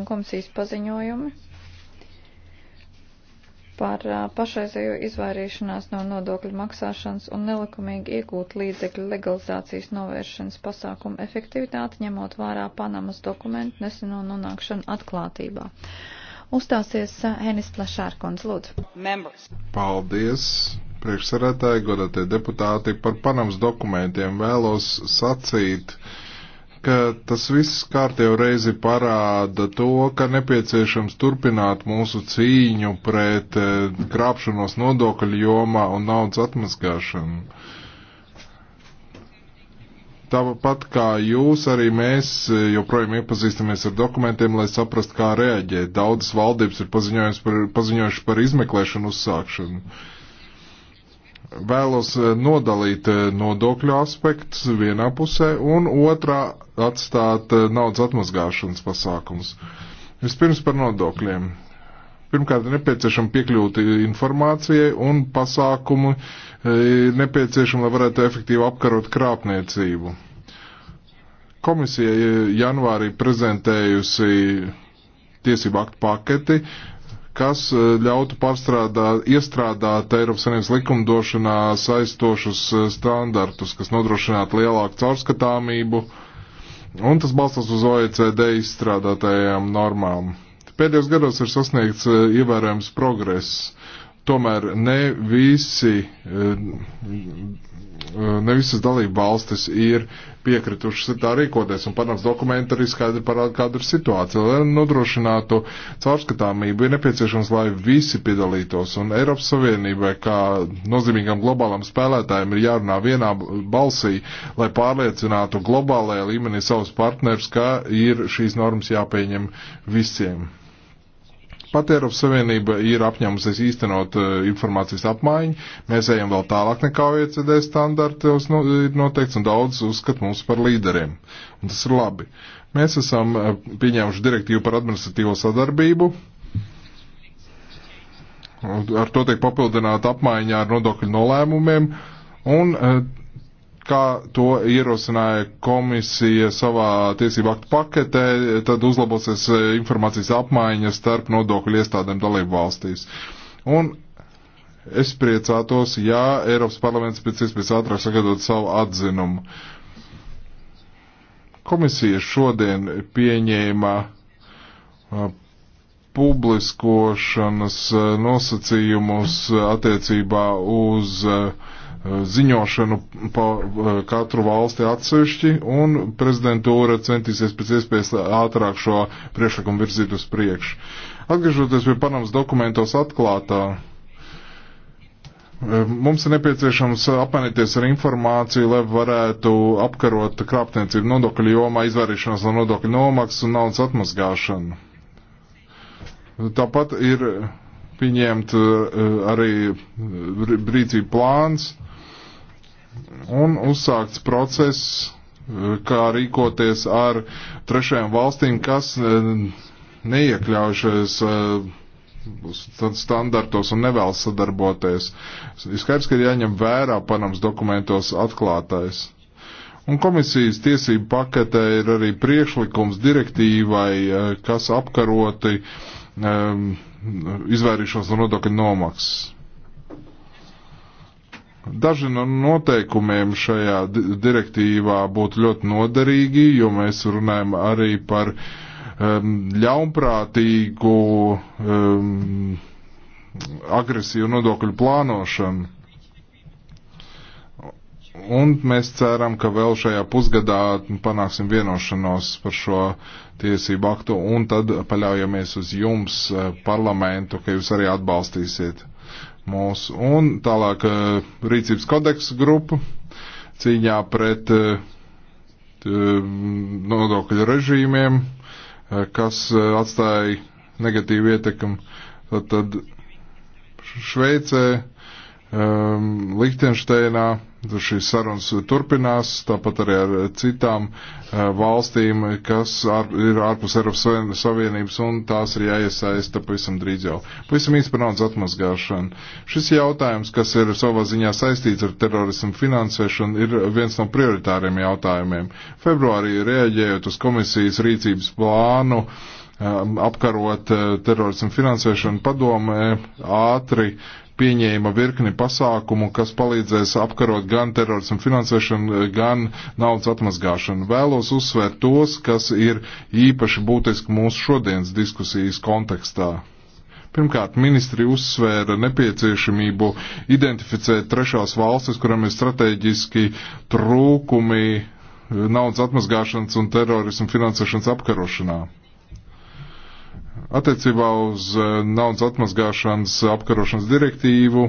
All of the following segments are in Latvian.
un komisijas paziņojumi par pašreizējo izvairīšanās no nodokļu maksāšanas un nelikumīgi iegūt līdzekļu legalizācijas novēršanas pasākumu efektivitāti, ņemot vērā Panamas dokumentu neseno nonākšanu atklātībā. Uzstāsies Henis Plašārkons, lūdzu. Members. Paldies, priekšsarētāji, godātie deputāti, par Panamas dokumentiem vēlos sacīt ka tas viss kārtējo reizi parāda to, ka nepieciešams turpināt mūsu cīņu pret eh, krāpšanos nodokļu jomā un naudas atmaskāšanu. Tāpat kā jūs, arī mēs eh, joprojām iepazīstamies ar dokumentiem, lai saprastu, kā reaģēt. Daudzas valdības ir paziņojušas par, paziņojuši par izmeklēšanu uzsākšanu. Uh, vēlos eh, nodalīt eh, nodokļu aspektus vienā pusē un otrā atstāt eh, naudas atmazgāšanas pasākumus. Vispirms par nodokļiem. Pirmkārt, ir nepieciešama piekļūt informācijai un pasākumu ir nepieciešama, lai varētu efektīvi apkarot krāpniecību. Komisija janvārī prezentējusi tiesību aktu paketi, kas e, ļautu pārstrādāt, iestrādāt Eiropas Savienības likumdošanā saistošus e, standartus, kas nodrošinātu lielāku caurskatāmību, un tas balstās uz OECD izstrādātajām normām. Pēdējos gados ir sasniegts e, ievērojams progress, tomēr ne visi, ne visas dalība valstis ir piekritušas tā rīkoties, un panāks dokumenti arī skaidri parāda, kāda ir situācija. Lai nodrošinātu caurskatāmību, ir nepieciešams, lai visi piedalītos, un Eiropas Savienībai, kā nozīmīgam globālam spēlētājiem, ir jārunā vienā balsī, lai pārliecinātu globālajā līmenī savus partners, ka ir šīs normas jāpieņem visiem. Pat Eiropas Savienība ir apņēmusies īstenot eh, informācijas apmaiņu. Mēs ejam vēl tālāk nekā OECD standartos nu, ir noteikts un daudz uzskat mūs par līderiem. Un tas ir labi. Mēs esam eh, pieņēmuši direktīvu par administratīvo sadarbību. Ar to tiek papildināta apmaiņā ar nodokļu nolēmumiem. Un eh, kā to ierosināja komisija savā tiesību aktu paketē, tad uzlabosies e, informācijas apmaiņa starp nodokļu iestādēm dalību valstīs. Un es priecātos, ja Eiropas parlaments pēc iespējas ātrāk sagatavot savu atzinumu. Komisija šodien pieņēma e, publiskošanas e, nosacījumus attiecībā uz uh, Eh, ziņošanu pa eh, katru valsti atsevišķi, un prezidentūra centīsies pēc iespējas ātrāk šo priekšlikumu virzīt uz priekšu. Atgriežoties pie Panamas dokumentos atklātā, eh, mums ir nepieciešams apmainīties ar informāciju, lai varētu apkarot krāpniecību nodokļu jomā, izvairīšanos no nodokļu nomaksas un naudas atmazgāšanu. Tāpat ir pieņemt arī rīcību plāns, uh, un uzsākts process, eh, kā rīkoties ar trešajām valstīm, kas eh, neiekļaujušies eh, standartos un nevēlas sadarboties. Ir skaidrs, ka ir jāņem vērā panams dokumentos atklātais. Un komisijas tiesību paketē ir arī priekšlikums direktīvai, kas apkaroti um, izvairīšos no nodokļu nomaksas. Daži no noteikumiem šajā direktīvā būtu ļoti noderīgi, jo mēs runājam arī par um, ļaunprātīgu um, agresīvu nodokļu plānošanu. Un mēs ceram, ka vēl šajā pusgadā panāksim vienošanos par šo tiesību aktu, un tad paļaujamies uz jums, eh, parlamentu, ka jūs arī atbalstīsiet mūsu. Un tālāk eh, rīcības kodeksa grupu cīņā pret eh, nodokļu režīmiem, eh, kas atstāja negatīvu ietekmi. Tad Šveicē, Lichtensteinā, Šīs sarunas turpinās, tāpat arī ar citām eh, valstīm, kas ar, ir ārpus Eiropas Savienības, un tās ir jāiesaista pavisam drīz jau. Pavisam īsti par naudas atmazgāšanu. Šis jautājums, kas ir savā ziņā saistīts ar terorismu finansēšanu, ir viens no prioritāriem jautājumiem. Februārī reaģējot uz komisijas rīcības plānu, eh, apkarot eh, terorismu finansēšanu padome ātri pieņēma virkni pasākumu, kas palīdzēs apkarot gan terorismu finansēšanu, gan naudas atmazgāšanu. Vēlos uzsvērt tos, kas ir īpaši būtiski mūsu šodienas diskusijas kontekstā. Pirmkārt, ministri uzsvēra nepieciešamību identificēt trešās valstis, kurām ir strateģiski trūkumi naudas atmazgāšanas un terorismu finansēšanas apkarošanā. Attiecībā uz e, naudas atmazgāšanas apkarošanas direktīvu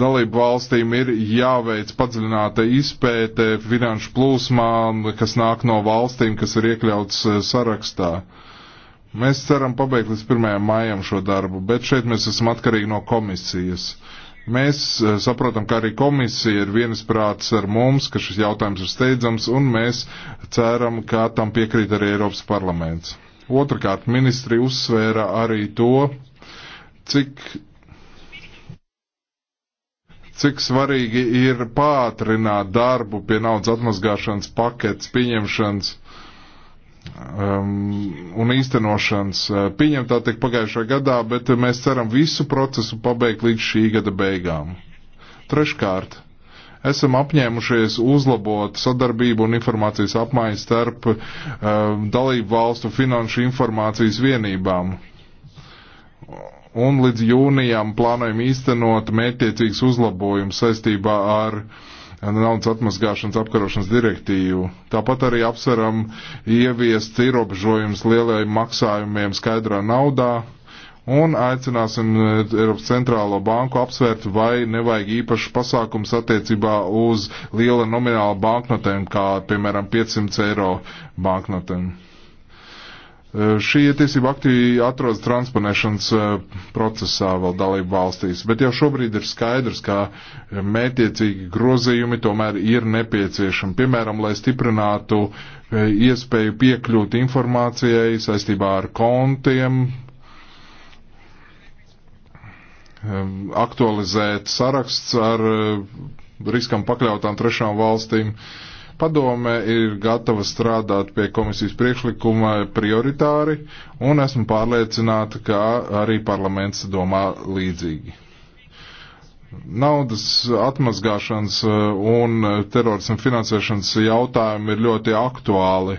dalību valstīm ir jāveic padziļināta izpēte finanšu plūsmām, kas nāk no valstīm, kas ir iekļauts e, sarakstā. Mēs ceram pabeigt līdz 1. maijam šo darbu, bet šeit mēs esam atkarīgi no komisijas. Uh, Mēs eh, saprotam, ka arī komisija ir vienisprāts ar mums, ka šis jautājums ir steidzams, un mēs ceram, ka tam piekrīt arī Eiropas parlaments. Otrakārt, ministri uzsvēra arī to, cik, cik svarīgi ir pātrināt darbu pie naudas atmazgāšanas paketes pieņemšanas um, un īstenošanas uh, pieņemtā tik pagājušā gadā, bet mēs ceram visu procesu pabeigt līdz šī gada beigām. Treškārt, esam apņēmušies uzlabot sadarbību un informācijas apmaiņu starp um, dalību valstu finanšu informācijas vienībām. Un līdz jūnijam plānojam īstenot mērķiecīgs uzlabojums saistībā ar uh, naudas atmazgāšanas apkarošanas direktīvu. Tāpat arī apsveram ieviest ierobežojums lielajiem maksājumiem skaidrā naudā un aicināsim e, Eiropas centrālo banku apsvērt, vai nevajag īpašu pasākums attiecībā uz liela nomināla banknotēm, kā piemēram 500 eiro banknotēm. Šie tiesība akti atrodas transponēšanas procesā vēl dalību valstīs, bet jau šobrīd ir skaidrs, ka mētiecīgi grozījumi tomēr ir nepieciešami. Piemēram, lai stiprinātu iespēju piekļūt informācijai saistībā ar kontiem, aktualizēt saraksts ar riskam pakļautām trešām valstīm. Uh, Padome ir gatava strādāt pie komisijas priekšlikuma prioritāri, un esmu pārliecināta, ka arī parlaments domā līdzīgi naudas atmazgāšanas uh, un terorismu finansēšanas jautājumi ir ļoti aktuāli.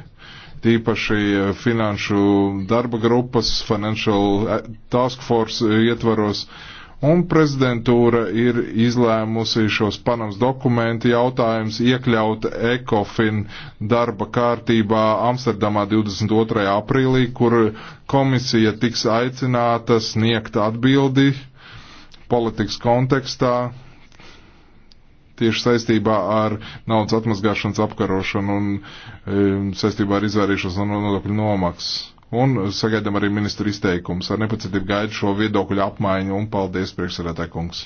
Tīpaši uh, finanšu darba grupas, Financial uh, Task Force ietvaros, uh, un prezidentūra ir izlēmusi šos Panamas dokumentu jautājumus iekļaut ECOFIN darba kārtībā Amsterdamā 22. aprīlī, kur komisija tiks aicināta sniegt atbildi politikas kontekstā tieši saistībā ar naudas atmazgāšanas apkarošanu un e, saistībā ar izvērīšanos no nodokļu nomaksas un sagaidām arī ministru izteikums. Ar nepacietību gaidu šo viedokļu apmaiņu un paldies, priekšsarētāj kungs.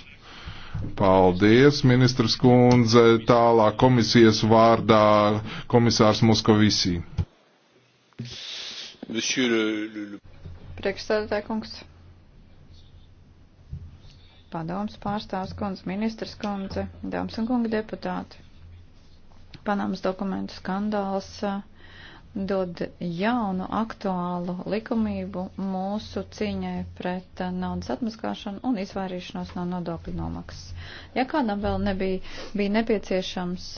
Paldies, ministrs kundze. Tālāk komisijas vārdā komisārs Moskovisī. Priekšsēdētāj kungs. Padoms pārstāvs kundze, ministrs kundze, dāmas un kungi deputāti. Panamas dokumentu skandāls. Uh, dod jaunu, aktuālu likumību mūsu cīņai pret naudas atmaskāšanu un izvairīšanos no nodokļu nomaksas. Ja kādam vēl nebija bija nepieciešams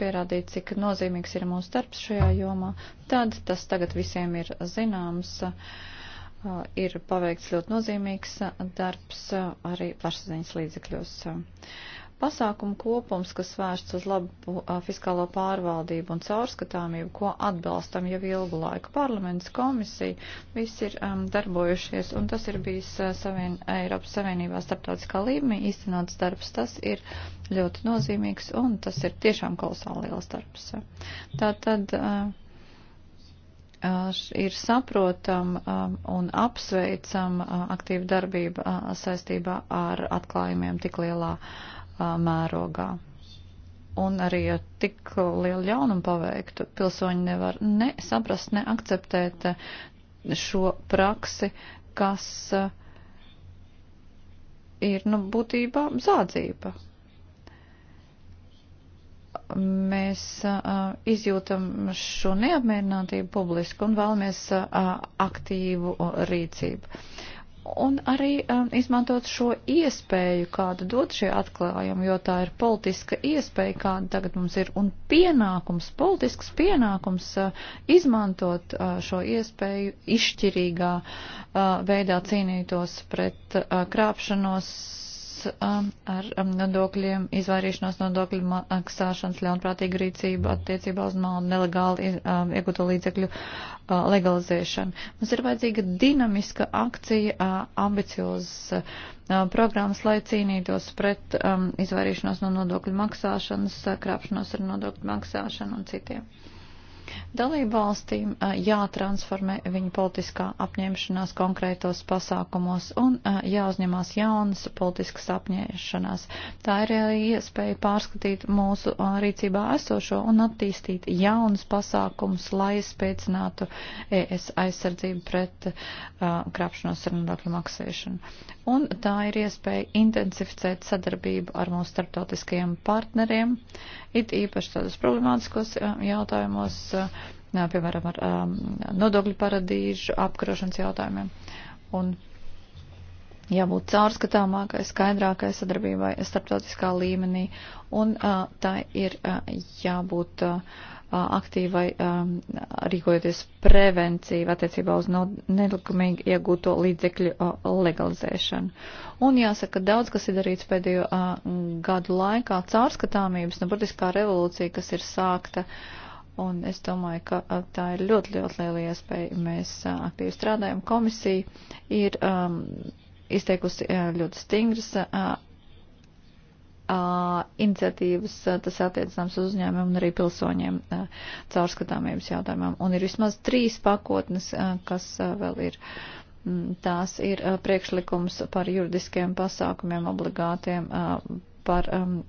pierādīt, cik nozīmīgs ir mūsu darbs šajā jomā, tad tas tagad visiem ir zināms. Ir paveikts ļoti nozīmīgs darbs arī plašsaziņas līdzekļos. Pasākumu kopums, kas vērsts uz labu uh, fiskālo pārvaldību un caurskatāmību, ko atbalstam jau ilgu laiku. Parlaments komisija viss ir um, darbojušies, un tas ir bijis uh, savien, Eiropas Savienībā starptautiskā līmenī īstenots darbs. Tas ir ļoti nozīmīgs, un tas ir tiešām kolosāli liels darbs. Tātad. Uh, uh, ir saprotam um, un apsveicam uh, aktīva darbība saistībā ar atklājumiem tik lielā uh, mērogā. Un arī, ja tik lielu ļaunumu paveiktu, pilsoņi nevar ne saprast, ne akceptēt šo praksi, kas ir, nu, būtībā zādzība. Mēs uh, izjūtam šo neapmierinātību publiski un vēlamies uh, aktīvu rīcību. Uh, un arī um, izmantot šo iespēju, kādu dod šie atklājumi, jo tā ir politiska iespēja, kāda tagad mums ir, un pienākums, politisks pienākums uh, izmantot uh, šo iespēju izšķirīgā uh, veidā cīnītos pret uh, krāpšanos Um, ar um, nodokļiem, izvairīšanos nodokļu maksāšanas ļaunprātīgu rīcību attiecībā uz naudu, nelegāli um, iegūto līdzekļu uh, legalizēšanu. Mums ir vajadzīga dinamiska akcija, uh, ambiciozas uh, programmas, lai cīnītos pret izvairīšanos no nodokļu maksāšanas, krāpšanos ar nodokļu maksāšanu un citiem. Dalību valstīm jātransformē viņa politiskā apņemšanās konkrētos pasākumos un jāuzņemās jaunas politiskas apņemšanās. Tā ir arī iespēja pārskatīt mūsu rīcībā esošo un attīstīt jaunus pasākumus, lai spēcinātu ES aizsardzību pret krāpšanos ar nodokļu maksāšanu. Un tā ir iespēja intensificēt sadarbību ar mūsu starptautiskajiem partneriem, it īpaši tādos problemātiskos jautājumos, Uh, uh, piemēram, ar um, nodokļu paradīžu apkarošanas jautājumiem. Un jābūt caurskatāmākai, skaidrākai sadarbībai starptautiskā līmenī, un uh, tā ir jābūt aktīvai um, rīkojoties prevencīvi attiecībā uz nelikumīgi iegūto līdzekļu legalizēšanu. Un jāsaka, daudz, kas ir darīts pēdējo gadu laikā, caurskatāmības, nu, burtiskā revolūcija, kas ir sākta. Uh, Un es domāju, ka tā ir ļoti, ļoti liela iespēja. Mēs aktīvi strādājam. Komisija ir um, izteikusi ļoti stingras uh, uh, iniciatīvas, uh, tas attiecināms uz uzņēmumiem un arī pilsoņiem uh, caurskatāmības jautājumam. Un ir vismaz trīs pakotnes, uh, kas uh, vēl ir. Mm, tās ir uh, priekšlikums par juridiskiem pasākumiem obligātiem, uh, par um,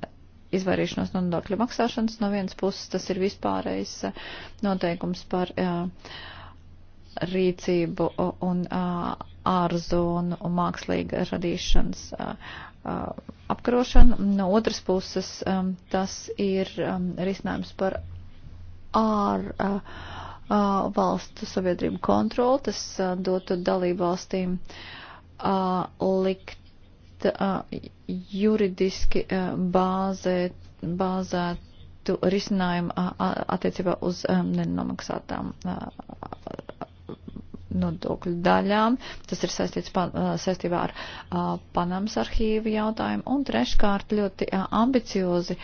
izvairīšanos no nodokļu maksāšanas no vienas puses, tas ir vispārējais eh, noteikums par eh, rīcību un eh, ārzonu un mākslīga radīšanas apkarošanu. No otras puses, tas ir risinājums par ār valstu sabiedrību kontroli, tas dotu dalību valstīm likt juridiski bāzē, bāzētu risinājumu attiecībā uz nenomaksātām nodokļu daļām. Tas ir saistīts pa, saistībā ar a, Panamas arhīvu jautājumu. Un treškārt ļoti a, ambiciozi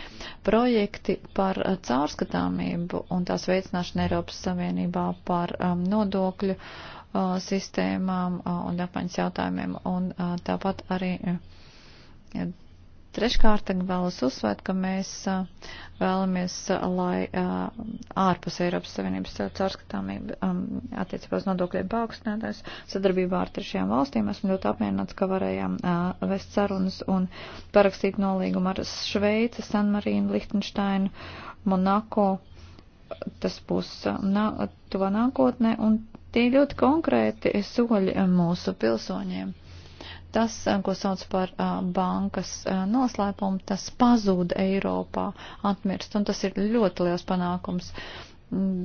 projekti par a, caurskatāmību un tās veicināšanu Eiropas Savienībā par a, nodokļu a, sistēmām un apmaiņas jautājumiem. Un tāpat arī treškārt vēlas uzsvērt, ka mēs vēlamies, lai ārpus Eiropas Savienības caurskatāmība attiecībā uz nodokļiem paaugstinātājs sadarbībā ar trešajām valstīm. Esmu ļoti apmierināts, ka varējām vest sarunas un parakstīt nolīgumu ar Šveici, Sanmarīnu, Lihtenšteinu, Monako. Tas būs tuvā nākotnē, un Tie ļoti konkrēti soļi mūsu pilsoņiem. Tas, eh, ko sauc par eh, bankas eh, noslēpumu, tas pazūd Eiropā, atmirst, un tas ir ļoti liels panākums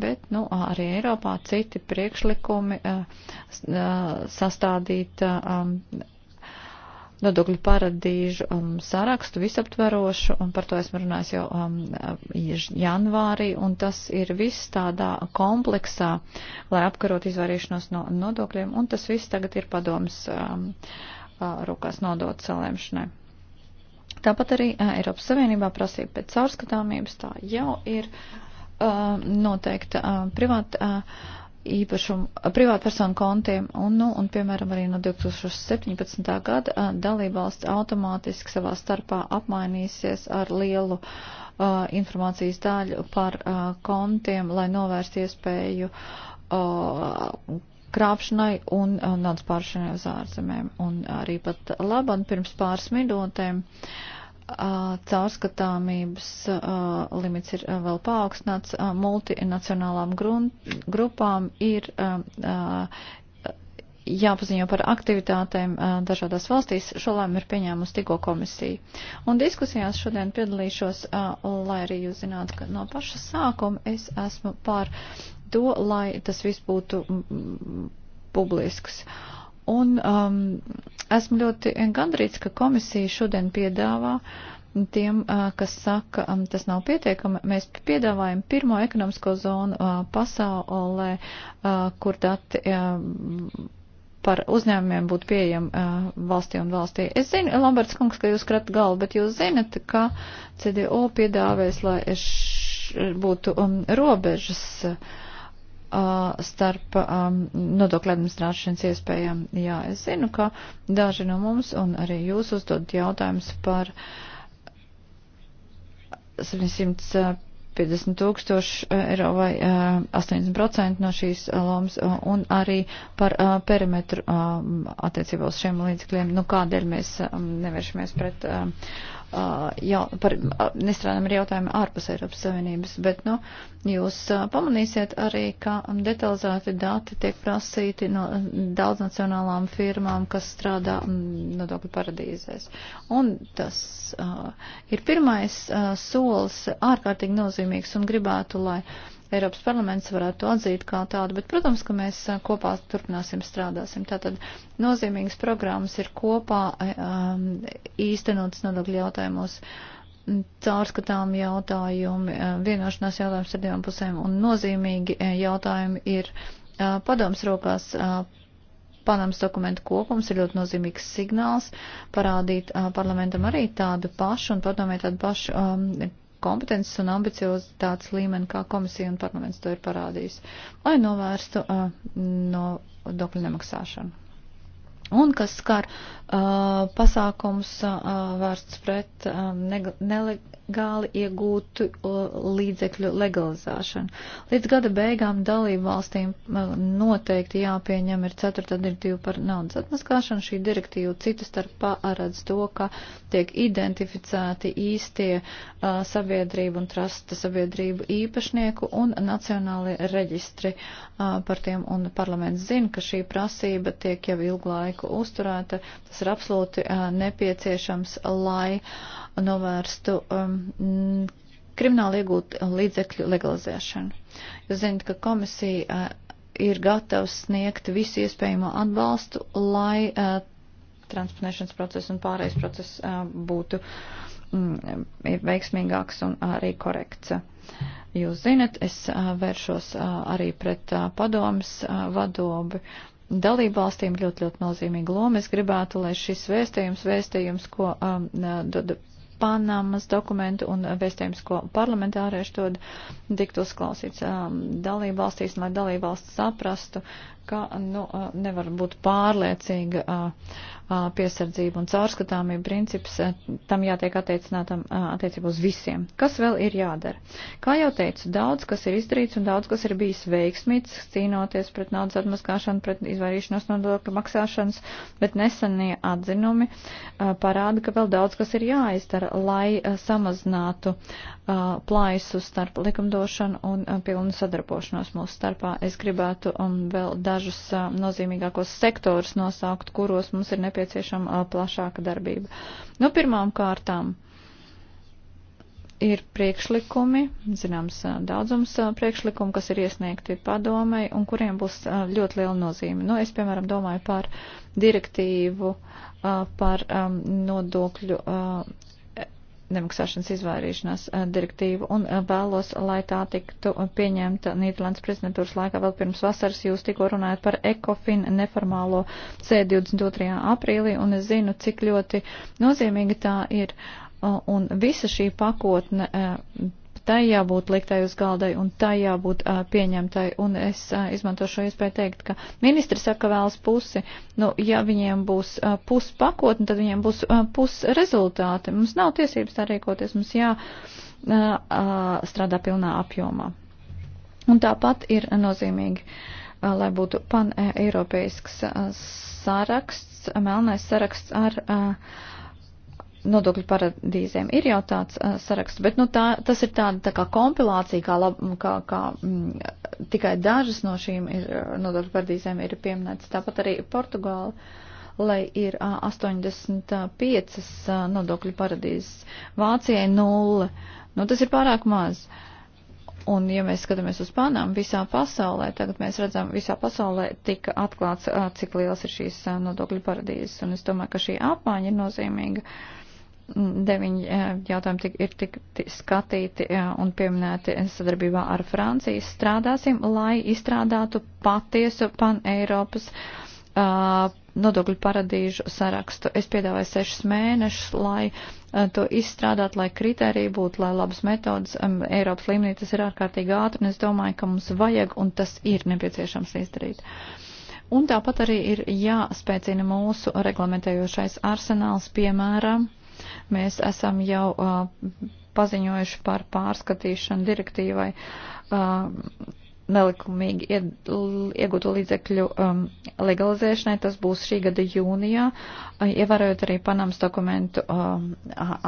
bet nu, arī Eiropā citi priekšlikumi sastādīt nodokļu paradīžu um, sarakstu visaptverošu, un par to esmu runājis jau um, janvārī, un tas ir viss tādā kompleksā, lai apkarot izvairīšanos no nodokļiem, un tas viss tagad ir padoms um, uh, rokās nodot salēmšanai. Tāpat arī uh, Eiropas Savienībā prasība pēc caurskatāmības tā jau ir uh, noteikta uh, privāta. Uh, īpašumu, privātpersonu kontiem, un, nu, un, piemēram, arī no 2017. gada dalībvalsts automātiski savā starpā apmainīsies ar lielu uh, informācijas daļu par uh, kontiem, lai novērst iespēju uh, krāpšanai un uh, naudas pāršanai uz ārzemēm. Un arī pat labam pirms pāris minūtēm. Uh, caurskatāmības limits ir vēl paaugstināts, multinacionālām grupām ir jāpaziņo par aktivitātēm dažādās valstīs. Šo lēmu ir pieņēmusi tikko komisija. Un diskusijās šodien piedalīšos, lai arī jūs zinātu, ka no paša sākuma es esmu par to, lai tas viss būtu publisks. Uh, Un um, esmu ļoti gandrīts, ka komisija šodien piedāvā tiem, uh, kas saka, um, tas nav pietiekami. Mēs piedāvājam pirmo ekonomisko zonu uh, pasaulē, uh, kur dati par uzņēmumiem būtu pieejama uh, valstī un valstī. Es zinu, Lamberts kungs, ka jūs krat galvu, bet jūs zinat, ka CDO piedāvēs, lai es būtu um, robežas. Uh, Uh, starp um, nodokļu administrāšanas iespējām. Jā, es zinu, ka daži no mums un arī jūs uzdod jautājumus par 750 tūkstošu eiro vai uh, 80% no šīs lomas un arī par uh, perimetru uh, attiecībā uz šiem līdzekļiem. Nu, kādēļ mēs um, nevēršamies pret. Uh, ja, par, nestrādājam ar jautājumu ārpus Eiropas Savienības, bet, nu, jūs pamanīsiet arī, ka detalizēti dati tiek prasīti no daudznacionālām firmām, kas strādā nodokļu paradīzēs. Un tas uh, ir pirmais uh, solis ārkārtīgi nozīmīgs un gribētu, lai. Uh, Eiropas parlaments varētu to atzīt kā tādu, bet, protams, ka mēs kopā turpināsim strādāsim. Tātad nozīmīgas programmas ir kopā um, īstenotas nodokļu jautājumos caurskatām jautājumi, vienošanās jautājums ar divām pusēm un nozīmīgi jautājumi ir padoms rokās. Panams dokumentu kopums ir ļoti nozīmīgs signāls parādīt parlamentam arī tādu pašu un padomē tādu pašu um, kompetences un ambiciozitātes līmeni, kā komisija un parlaments to ir parādījis, lai novērstu uh, no dokļu nemaksāšanu un kas skar uh, pasākums uh, vērsts pret um, nelegāli iegūtu uh, līdzekļu legalizēšanu. Līdz gada beigām dalību valstīm uh, noteikti jāpieņem ir ceturtā direktīva par naudas atmaskāšanu. Šī direktīva citu starp paredz to, ka tiek identificēti īstie uh, sabiedrību un trasta sabiedrību īpašnieku un nacionālie reģistri uh, par tiem, un parlaments zina, ka šī prasība tiek jau ilgu laiku tiek uzturēta, tas ir absolūti nepieciešams, lai novērstu um, krimināli iegūt līdzekļu legalizēšanu. Jūs zināt, ka komisija ir gatava sniegt visu iespējamo atbalstu, lai uh, transponēšanas process un pārējais process uh, būtu mm, veiksmīgāks un arī korekts. Jūs zinat, es uh, vēršos uh, arī pret uh, padomas uh, vadobi dalībvalstīm ļoti, ļoti nozīmīga loma. Es gribētu, lai šis vēstījums, vēstījums, ko um, dod Panamas dokumentu un vēstījums, ko parlamentārieši dod, tiktu uzklausīts um, dalībvalstīs, lai dalībvalsts saprastu, ka nu, nevar būt pārliecīga piesardzība un caurskatāmība princips, tam jātiek attiecinātam attiecībā uz visiem. Kas vēl ir jādara? Kā jau teicu, daudz kas ir izdarīts un daudz kas ir bijis veiksmīgs, cīnoties pret naudas atmaskāšanu, pret izvairīšanos nodokļu maksāšanas, bet nesenie atzinumi parāda, ka vēl daudz kas ir jāizdara, lai samazinātu plaisu starp likumdošanu un pilnu sadarbošanos mūsu starpā. Es gribētu um, vēl dažu dažus nozīmīgākos sektorus nosaukt, kuros mums ir nepieciešama plašāka darbība. Nu, pirmām kārtām ir priekšlikumi, zināms, daudzums priekšlikumu, kas ir iesniegti padomai un kuriem būs ļoti liela nozīme. Nu, es, piemēram, domāju par direktīvu par nodokļu nemaksāšanas izvairīšanās eh, direktīvu un eh, vēlos, lai tā tiktu pieņemta Nīderlandes prezidentūras laikā vēl pirms vasaras. Jūs tikko runājat par ECOFIN neformālo C22. aprīlī un es zinu, cik ļoti nozīmīga tā ir. Eh, un visa šī pakotne tai jābūt liktai uz galdai un tai jābūt uh, pieņemtai. Un es uh, izmantošu šo iespēju teikt, ka ministri saka vēlas pusi. Nu, ja viņiem būs uh, puspakotni, tad viņiem būs uh, pusrezultāti. Mums nav tiesības tā rīkoties, mums jā uh, uh, strādā pilnā apjomā. Un tāpat ir nozīmīgi, uh, lai būtu pan-eiropeisks uh, saraksts, melnais saraksts ar. Uh, nodokļu paradīzēm ir jau tāds uh, saraksts, bet nu, tā, tas ir tāda tā kā kompilācija, kā, lab, kā, kā m, mm, tikai dažas no šīm ir, uh, nodokļu paradīzēm ir pieminētas. Tāpat arī Portugāla. Lai ir uh, 85 uh, nodokļu paradīzes, Vācijai nulle. Nu, tas ir pārāk maz. Un, ja mēs skatāmies uz Panamu visā pasaulē, tagad mēs redzam, visā pasaulē tika atklāts, uh, cik liels ir šīs uh, nodokļu paradīzes. Un es domāju, ka šī apmaiņa ir nozīmīga. Uh, deviņi eh, jautājumi tik, ir tik skatīti eh, un pieminēti sadarbībā ar Franciju. Strādāsim, lai izstrādātu patiesu pan-Eiropas uh, nodokļu paradīžu sarakstu. Es piedāvāju sešus mēnešus, lai uh, to izstrādāt, lai kriteriji būtu, lai labas metodas um, Eiropas līmenī. Tas ir ārkārtīgi ātri, un es domāju, ka mums vajag, un tas ir nepieciešams izdarīt. Un tāpat arī ir jāspēcina mūsu reglamentējošais arsenāls, piemēram, Mēs esam jau uh, paziņojuši par pārskatīšanu direktīvai. Uh, nelikumīgi iegūto līdzekļu um, legalizēšanai. Tas būs šī gada jūnijā, uh, ievērojot arī Panamas dokumentu um,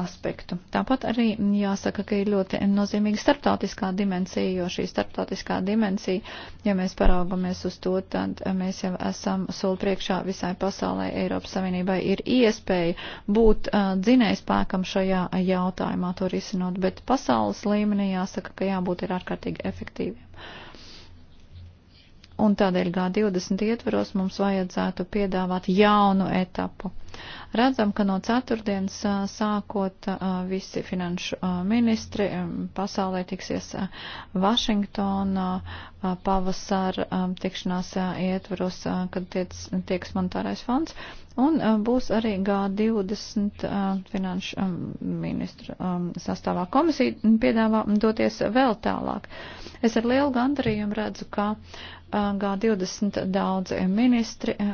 aspektu. Tāpat arī jāsaka, ka ir ļoti nozīmīga starptautiskā dimensija, jo šī starptautiskā dimensija, ja mēs paraugamies uz to, tad uh, mēs jau esam soli priekšā visai pasaulē. Eiropas Savienībai ir iespēja būt uh, dzinējspēkam šajā jautājumā, to risinot, bet pasaules līmenī jāsaka, ka jābūt ir ārkārtīgi efektīviem un tādēļ G20 ietvaros mums vajadzētu piedāvāt jaunu etapu. Redzam, ka no ceturtdienas sākot visi finanšu ministri pasaulē tiksies Vašingtonā pavasara tikšanās ietvaros, kad tiec, tieks monetārais fonds, un būs arī G20 finanšu ministru sastāvā komisija piedāvā doties vēl tālāk. Es ar lielu gandarījumu redzu, ka G20 daudzi ministri eh,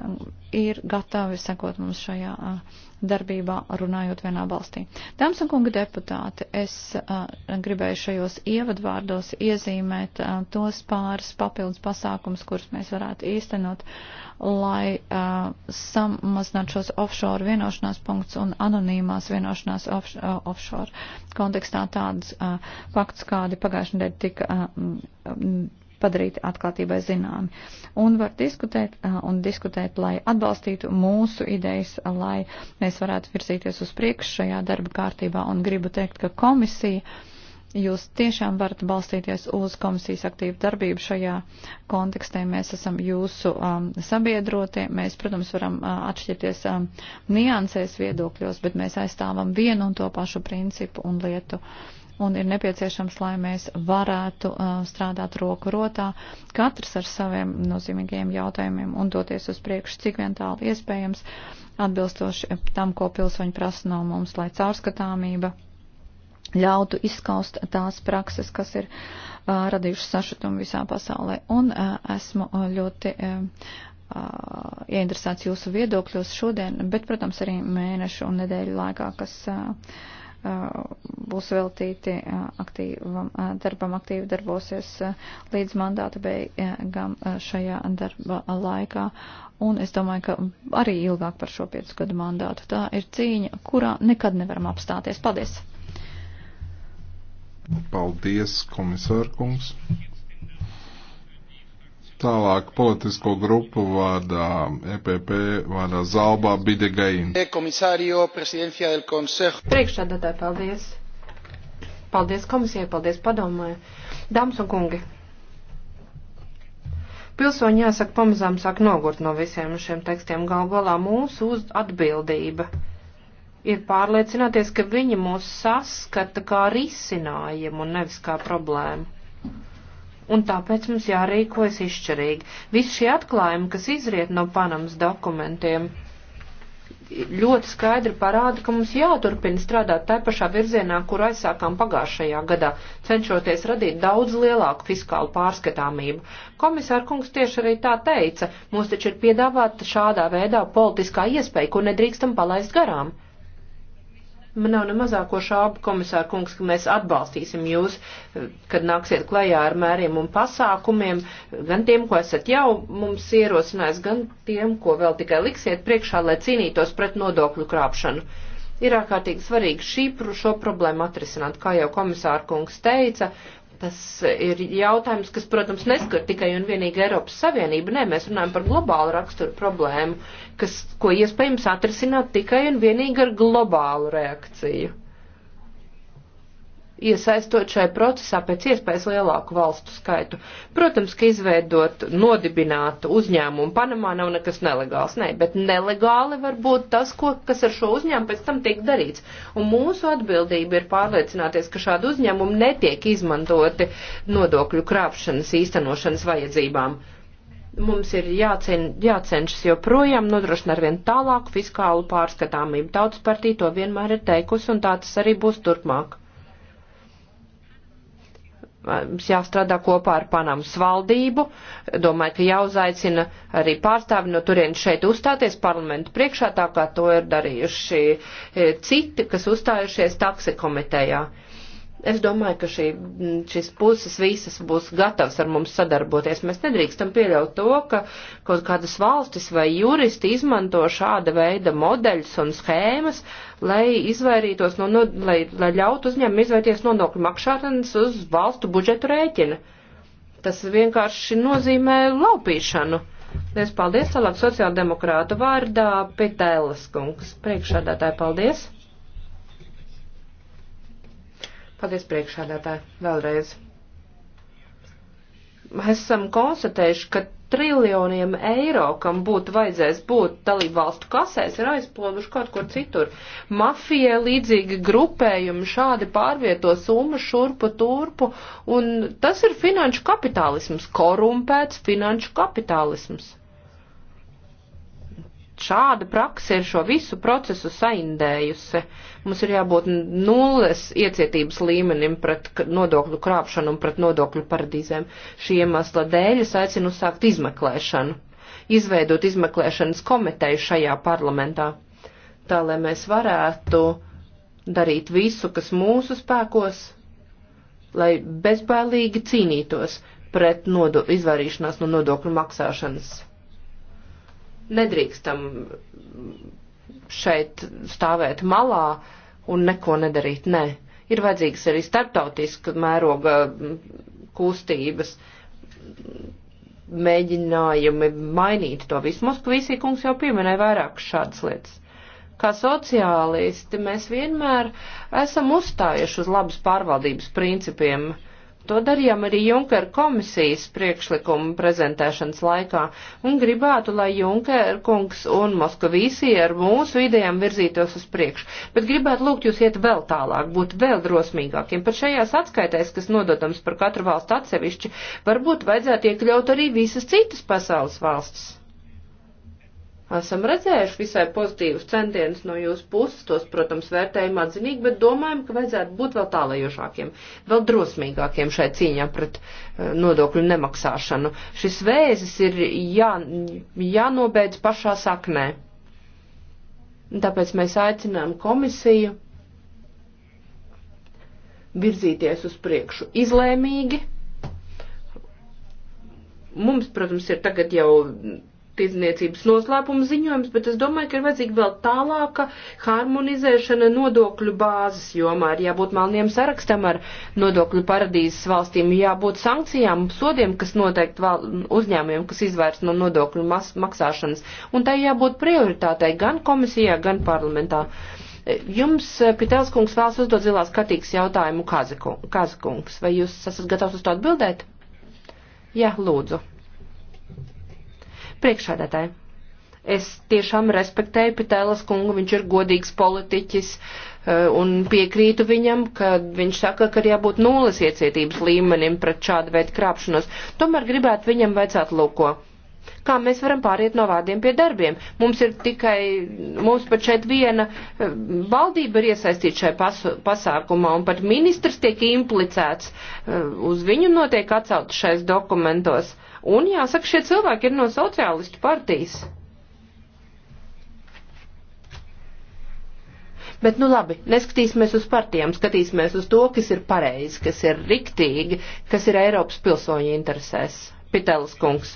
ir gatavi sekot mums šajā eh, darbībā, runājot vienā balstī. Dāmas un kungi deputāti, es eh, gribēju šajos ievadvārdos iezīmēt tos pāris papildus pasākums, kurus mēs varētu īstenot, lai samazinātu šos offshore vienošanās punktus un anonīmās vienošanās offshore kontekstā tādus faktus, kādi pagājušajā nedēļā tika padarīti atklātībai zināmi. Un var diskutēt un diskutēt, lai atbalstītu mūsu idejas, lai mēs varētu virzīties uz priekšu šajā darba kārtībā. Un gribu teikt, ka komisija jūs tiešām varat balstīties uz komisijas aktīvu darbību šajā kontekstē. Mēs esam jūsu um, sabiedrotie. Mēs, protams, varam uh, atšķirties um, niansēs viedokļos, bet mēs aizstāvam vienu un to pašu principu un lietu un ir nepieciešams, lai mēs varētu uh, strādāt roku rotā, katrs ar saviem nozīmīgajiem jautājumiem un doties uz priekšu, cik vien tālu iespējams, atbilstoši tam, ko pilsoņi prasa no mums, lai caurskatāmība ļautu izskaust tās prakses, kas ir uh, radījušas sašutumu visā pasaulē. Un uh, esmu uh, ļoti uh, uh, ieinteresēts jūsu viedokļos šodien, bet, protams, arī mēnešu un nedēļu laikā, kas uh, būs veltīti aktīvam darbam, aktīvi darbosies līdz mandāta beigām šajā darba laikā. Un es domāju, ka arī ilgāk par šo piecu gadu mandātu. Tā ir cīņa, kurā nekad nevaram apstāties. Paldies! Paldies, komisārkungs! Tālāk politisko grupu vārdā EPP vārdā Zalbā Bidegain. E Priekšādātāji, paldies. Paldies komisijai, paldies padomē. Dāmas un kungi, pilsoņi jāsaka pamazām sāk nogurt no visiem šiem tekstiem. Gal galā mūsu uz atbildība ir pārliecināties, ka viņi mūs saskata kā risinājumu un nevis kā problēmu un tāpēc mums jārīkojas izšķirīgi. Visi šie atklājumi, kas izriet no Panamas dokumentiem, ļoti skaidri parāda, ka mums jāturpina strādāt tā pašā virzienā, kur aizsākām pagājušajā gadā, cenšoties radīt daudz lielāku fiskālu pārskatāmību. Komisāra kungs tieši arī tā teica, mums taču ir piedāvāta šādā veidā politiskā iespēja, ko nedrīkstam palaist garām. Man nav ne mazāko šābu, komisāra kungs, ka mēs atbalstīsim jūs, kad nāksiet klajā ar mēriem un pasākumiem, gan tiem, ko esat jau mums ierosinājis, gan tiem, ko vēl tikai liksiet priekšā, lai cīnītos pret nodokļu krāpšanu ir ārkārtīgi svarīgi šī, šo problēmu atrisināt. Kā jau komisāra kungs teica, Tas ir jautājums, kas, protams, neskar tikai un vienīgi Eiropas Savienību. Nē, mēs runājam par globālu raksturu problēmu, kas, ko iespējams atrisināt tikai un vienīgi ar globālu reakciju iesaistot šai procesā pēc iespējas lielāku valstu skaitu. Protams, ka izveidot nodibinātu uzņēmumu Panamā nav nekas nelegāls, nē, ne, bet nelegāli var būt tas, ko, kas ar šo uzņēmumu pēc tam tiek darīts. Un mūsu atbildība ir pārliecināties, ka šādu uzņēmumu netiek izmantoti nodokļu krāpšanas īstenošanas vajadzībām mums ir jācen, jācenšas joprojām nodrošināt ar vien tālāku fiskālu pārskatāmību. Tautas partija to vienmēr ir teikusi, un tā tas arī būs turpmāk mums jāstrādā kopā ar Panamas valdību. Domāju, ka jāuzaicina arī pārstāvi no turienes šeit uzstāties parlamentu priekšā, tā kā to ir darījuši eh, citi, kas uzstājušies taksi komitejā. Es domāju, ka šī, šis puses visas būs gatavs ar mums sadarboties. Mēs nedrīkstam pieļaut to, ka kaut kādas valstis vai juristi izmanto šāda veida modeļus un schēmas, lai izvairītos, no, no, lai, lai ļautu uzņēmumu izvairīties nodokļu makšātanas uz valstu budžetu rēķina. Tas vienkārši nozīmē laupīšanu. Es paldies tālāk sociāldemokrātu vārdā Pitēlas kungs. Priekšādātāji, paldies! Paldies priekšādātāji vēlreiz. Mēs esam konstatējuši, ka triljoniem eiro, kam būtu vajadzēs būt dalību valstu kasēs, ir aizplūduši kaut kur citur. Mafijai līdzīgi grupējumi šādi pārvieto summu šurpu turpu, un tas ir finanšu kapitālisms, korumpēts finanšu kapitālisms šāda praksa ir šo visu procesu saindējusi. Mums ir jābūt nulles iecietības līmenim pret nodokļu krāpšanu un pret nodokļu paradīzēm. Šī iemesla dēļ es aicinu sākt izmeklēšanu, izveidot izmeklēšanas komiteju šajā parlamentā, tā lai mēs varētu darīt visu, kas mūsu spēkos, lai bezbēlīgi cīnītos pret nodo, izvairīšanās no nodokļu maksāšanas. Nedrīkstam šeit stāvēt malā un neko nedarīt. Nē, ir vajadzīgas arī starptautiska mēroga kustības mēģinājumi mainīt to visu. Moskvīsī kungs jau pieminēja vairākas šādas lietas. Kā sociālisti mēs vienmēr esam uzstājuši uz labas pārvaldības principiem. Uh, To darījām arī Junker komisijas priekšlikumu prezentēšanas laikā un gribētu, lai Junker kungs un Moskavīsī ar mūsu idejām virzītos uz priekšu. Bet gribētu lūgt jūs iet vēl tālāk, būt vēl drosmīgākiem. Par šajās atskaitēs, kas nododams par katru valstu atsevišķi, varbūt vajadzētu iekļaut arī visas citas pasaules valsts. Esam redzējuši visai pozitīvus centienus no jūsu puses, tos, protams, vērtējam atzinīgi, bet domājam, ka vajadzētu būt vēl tālajošākiem, vēl drosmīgākiem šai cīņā pret eh, nodokļu nemaksāšanu. Šis vēzis ir jā, jānobeidz pašā saknē. Tāpēc mēs aicinām komisiju virzīties uz priekšu izlēmīgi mums, protams, ir tagad jau tirdzniecības noslēpuma ziņojums, bet es domāju, ka ir vajadzīga vēl tālāka harmonizēšana nodokļu bāzes jomā. Ir jābūt melniem sarakstam ar nodokļu paradīzes valstīm, jābūt sankcijām, sodiem, kas noteikti val, uzņēmumiem, kas izvairs no nodokļu mas, maksāšanas. Un tai jābūt prioritātei gan komisijā, gan parlamentā. Jums, Pitelskungs, vēlas uzdot zilās kartīgas jautājumu Kazakungs. Vai jūs esat gatavs uz to atbildēt? Jā, lūdzu. Priekšādātāji, es tiešām respektēju Pitēlas kungu, viņš ir godīgs politiķis eh, un piekrītu viņam, ka viņš saka, ka ir jābūt nulles iecietības līmenim pret šādu veidu krāpšanos. Tomēr gribētu viņam vajadzētu lūko. Kā mēs varam pāriet no vārdiem pie darbiem? Mums ir tikai, mums pat šeit viena eh, valdība ir iesaistīta šai pasu, pasākumā, un pat ministrs tiek implicēts, eh, uz viņu notiek atcelt šais dokumentos. Un jāsaka, šie cilvēki ir no sociālistu partijas. Bet, nu labi, neskatīsimies uz partijām, skatīsimies uz to, kas ir pareizi, kas ir riktīgi, kas ir Eiropas pilsoņu interesēs. Pitēlis kungs.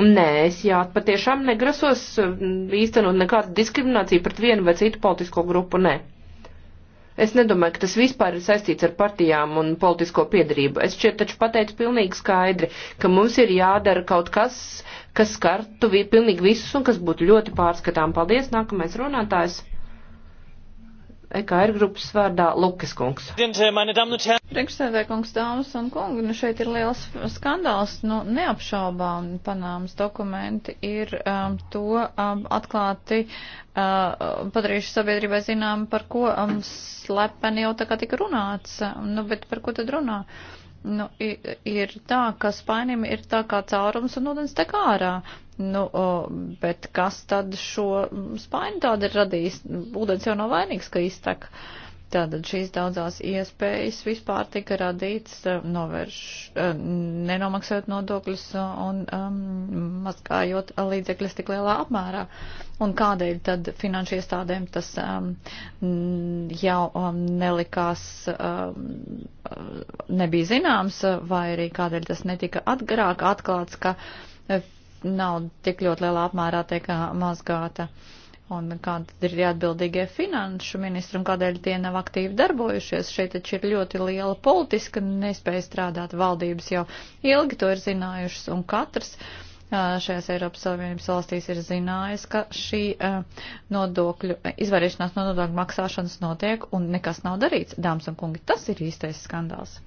Nē, es jā, patiešām negrasos mm, īstenot nekādu diskrimināciju pret vienu vai citu politisko grupu, nē. Es nedomāju, ka tas vispār ir saistīts ar partijām un politisko piedarību. Es šeit taču pateicu pilnīgi skaidri, ka mums ir jādara kaut kas, kas skartu vi, pilnīgi visus un kas būtu ļoti pārskatām. Paldies, nākamais runātājs. EKR grupas vārdā Lukas kungs. Nu Priekšsēdē kungs, dāmas un kungi, nu šeit ir liels skandāls, nu neapšaubām panāmas dokumenti ir um, to um, atklāti uh, padarījuši sabiedrībai zinām, par ko um, slepeni jau tā kā tika runāts, um, nu bet par ko tad runā? Uh, nu, ir tā, ka spainim ir tā kā caurums un ūdens tek ārā. Nu, o, bet kas tad šo spaini tādu ir radījis? Ūdens jau nav vainīgs, ka iztek. Uh, Tātad šīs daudzās iespējas vispār tika radīts, eh, novērš, eh, nenomaksājot nodokļus eh, un um, mazgājot līdzekļus tik lielā apmērā. Un kādēļ tad finanšu iestādēm tas um, jau um, nelikās, um, nebija zināms, vai arī kādēļ tas netika atgrāk atklāts, ka nauda tik ļoti lielā apmērā tiek mazgāta. Uh, Un kāda ir atbildīgie finanšu ministri un kādēļ tie nav aktīvi darbojušies? Šeit taču ir ļoti liela politiska nespēja strādāt. Valdības jau ilgi to ir zinājušas un katrs šajās Eiropas Savienības valstīs ir zinājis, ka šī nodokļu, izvairīšanās no nodokļu maksāšanas notiek un nekas nav darīts. Dāmas un kungi, tas ir īstais skandāls.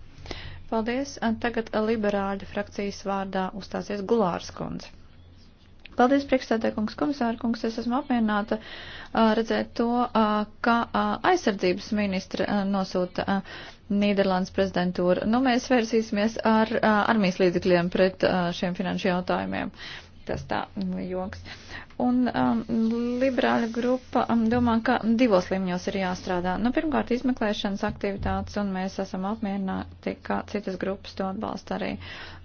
Paldies. Tagad liberāļu frakcijas vārdā uzstāsies Gulārs Kundze. Paldies, priekšstādākungs, komisārkungs. Es esmu apmierināta redzēt to, ka aizsardzības ministra nosūta Nīderlandes prezidentūra. Nu, mēs vērsīsimies ar armijas līdzekļiem pret šiem finanšu jautājumiem. Uh, Tas tā mm, joks. Un um, liberāļa grupa um, domā, ka divos līmeņos ir jāstrādā. Nu, pirmkārt, izmeklēšanas aktivitātes, un mēs esam apmierināti, ka citas grupas to atbalsta arī.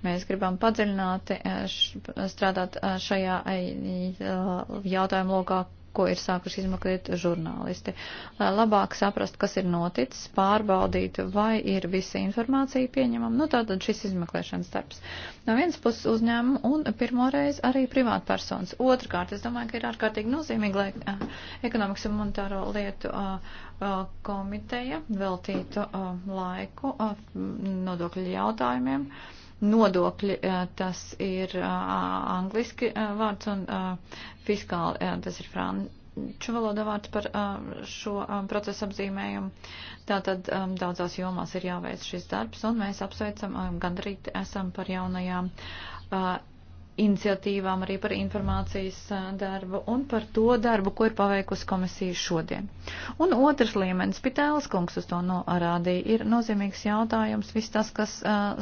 Mēs gribam padziļināti eh, š, strādāt eh, šajā eh, jautājumu lokā, ko ir sākuši izmeklēt žurnālisti. Lai labāk saprast, kas ir noticis, pārbaudīt, vai ir visa informācija pieņemama. Nu, tātad šis izmeklēšanas darbs. No vienas puses uzņēmumu un pirmoreiz arī privātpersonas. Otrkārt, es domāju, ka ir ārkārtīgi nozīmīgi, lai ekonomikas un monetāro lietu komiteja veltītu laiku nodokļu jautājumiem. Uh, nodokļi, eh, tas ir eh, angliski eh, vārds un fiskāli, tas ir franču valoda vārds par šo procesu apzīmējumu. Tātad daudzās jomās ir jāveic šis darbs un mēs apsveicam, gandrīt esam par jaunajām iniciatīvām, arī par informācijas darbu un par to darbu, ko ir paveikusi komisija šodien. Un otrs līmenis, Pitēls kungs uz to norādīja, ir nozīmīgs jautājums, viss tas, kas uh,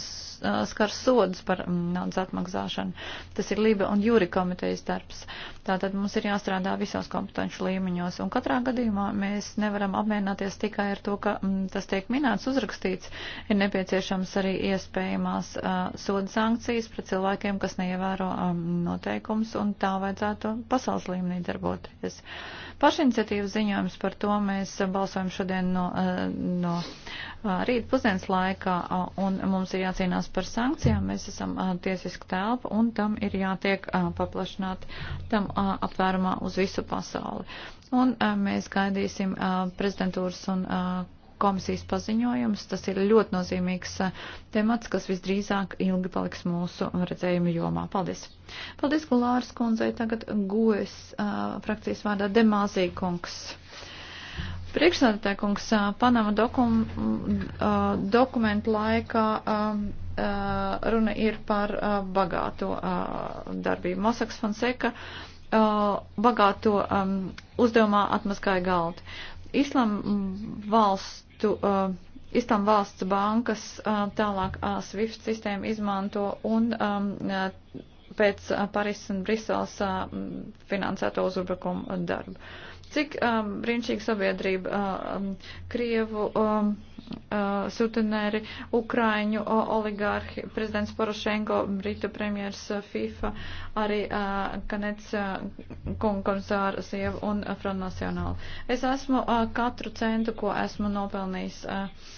skar sodus par mm, naudas atmaksāšanu. Tas ir Liba un Jūri komitejas darbs. Tātad mums ir jāstrādā visos kompetenci līmeņos, un katrā gadījumā mēs nevaram apmierināties tikai ar to, ka mm, tas tiek minēts, uzrakstīts, ir nepieciešams arī iespējamās uh, soda sankcijas pret cilvēkiem, kas neievēro ievēro um, noteikums un tā vajadzētu pasaules līmenī darboties. Pašiniciatīvas ziņojums par to mēs balsojam šodien no, uh, no uh, rīta pusdienas laikā uh, un mums ir jācīnās par sankcijām. Mēs esam tiesiska telpa un tam ir jātiek paplašināt tam apvērumā uz visu pasauli. Un mēs gaidīsim prezidentūras un komisijas paziņojums. Tas ir ļoti nozīmīgs eh, temats, kas visdrīzāk ilgi paliks mūsu redzējuma jomā. Paldies! Paldies, Gulāras kundzei, tagad gojas uh, eh, frakcijas vārdā Demāzija kungs. Priekšsādātāja kungs, uh, Panama dokum, uh, dokumentu laikā. Uh, runa ir par uh, bagāto uh, darbību. Mosaks Fonseka uh, bagāto um, uzdevumā atmaskāja galdu. Islam mm, valsts tiktu uh, Istam valsts bankas uh, tālāk uh, SWIFT sistēmu izmanto un um, uh, pēc uh, Paris un Briseles uh, finansēto uzbrukumu darbu. Cik um, brīnišķīga sabiedrība, uh, um, Krievu um, uh, sutenēri, Ukraiņu uh, oligārhi, prezidents Porošenko, Britu premjers uh, FIFA, arī uh, Kanets uh, konkursāra sieva un uh, Front National. Es esmu uh, katru centu, ko esmu nopelnījis. Uh,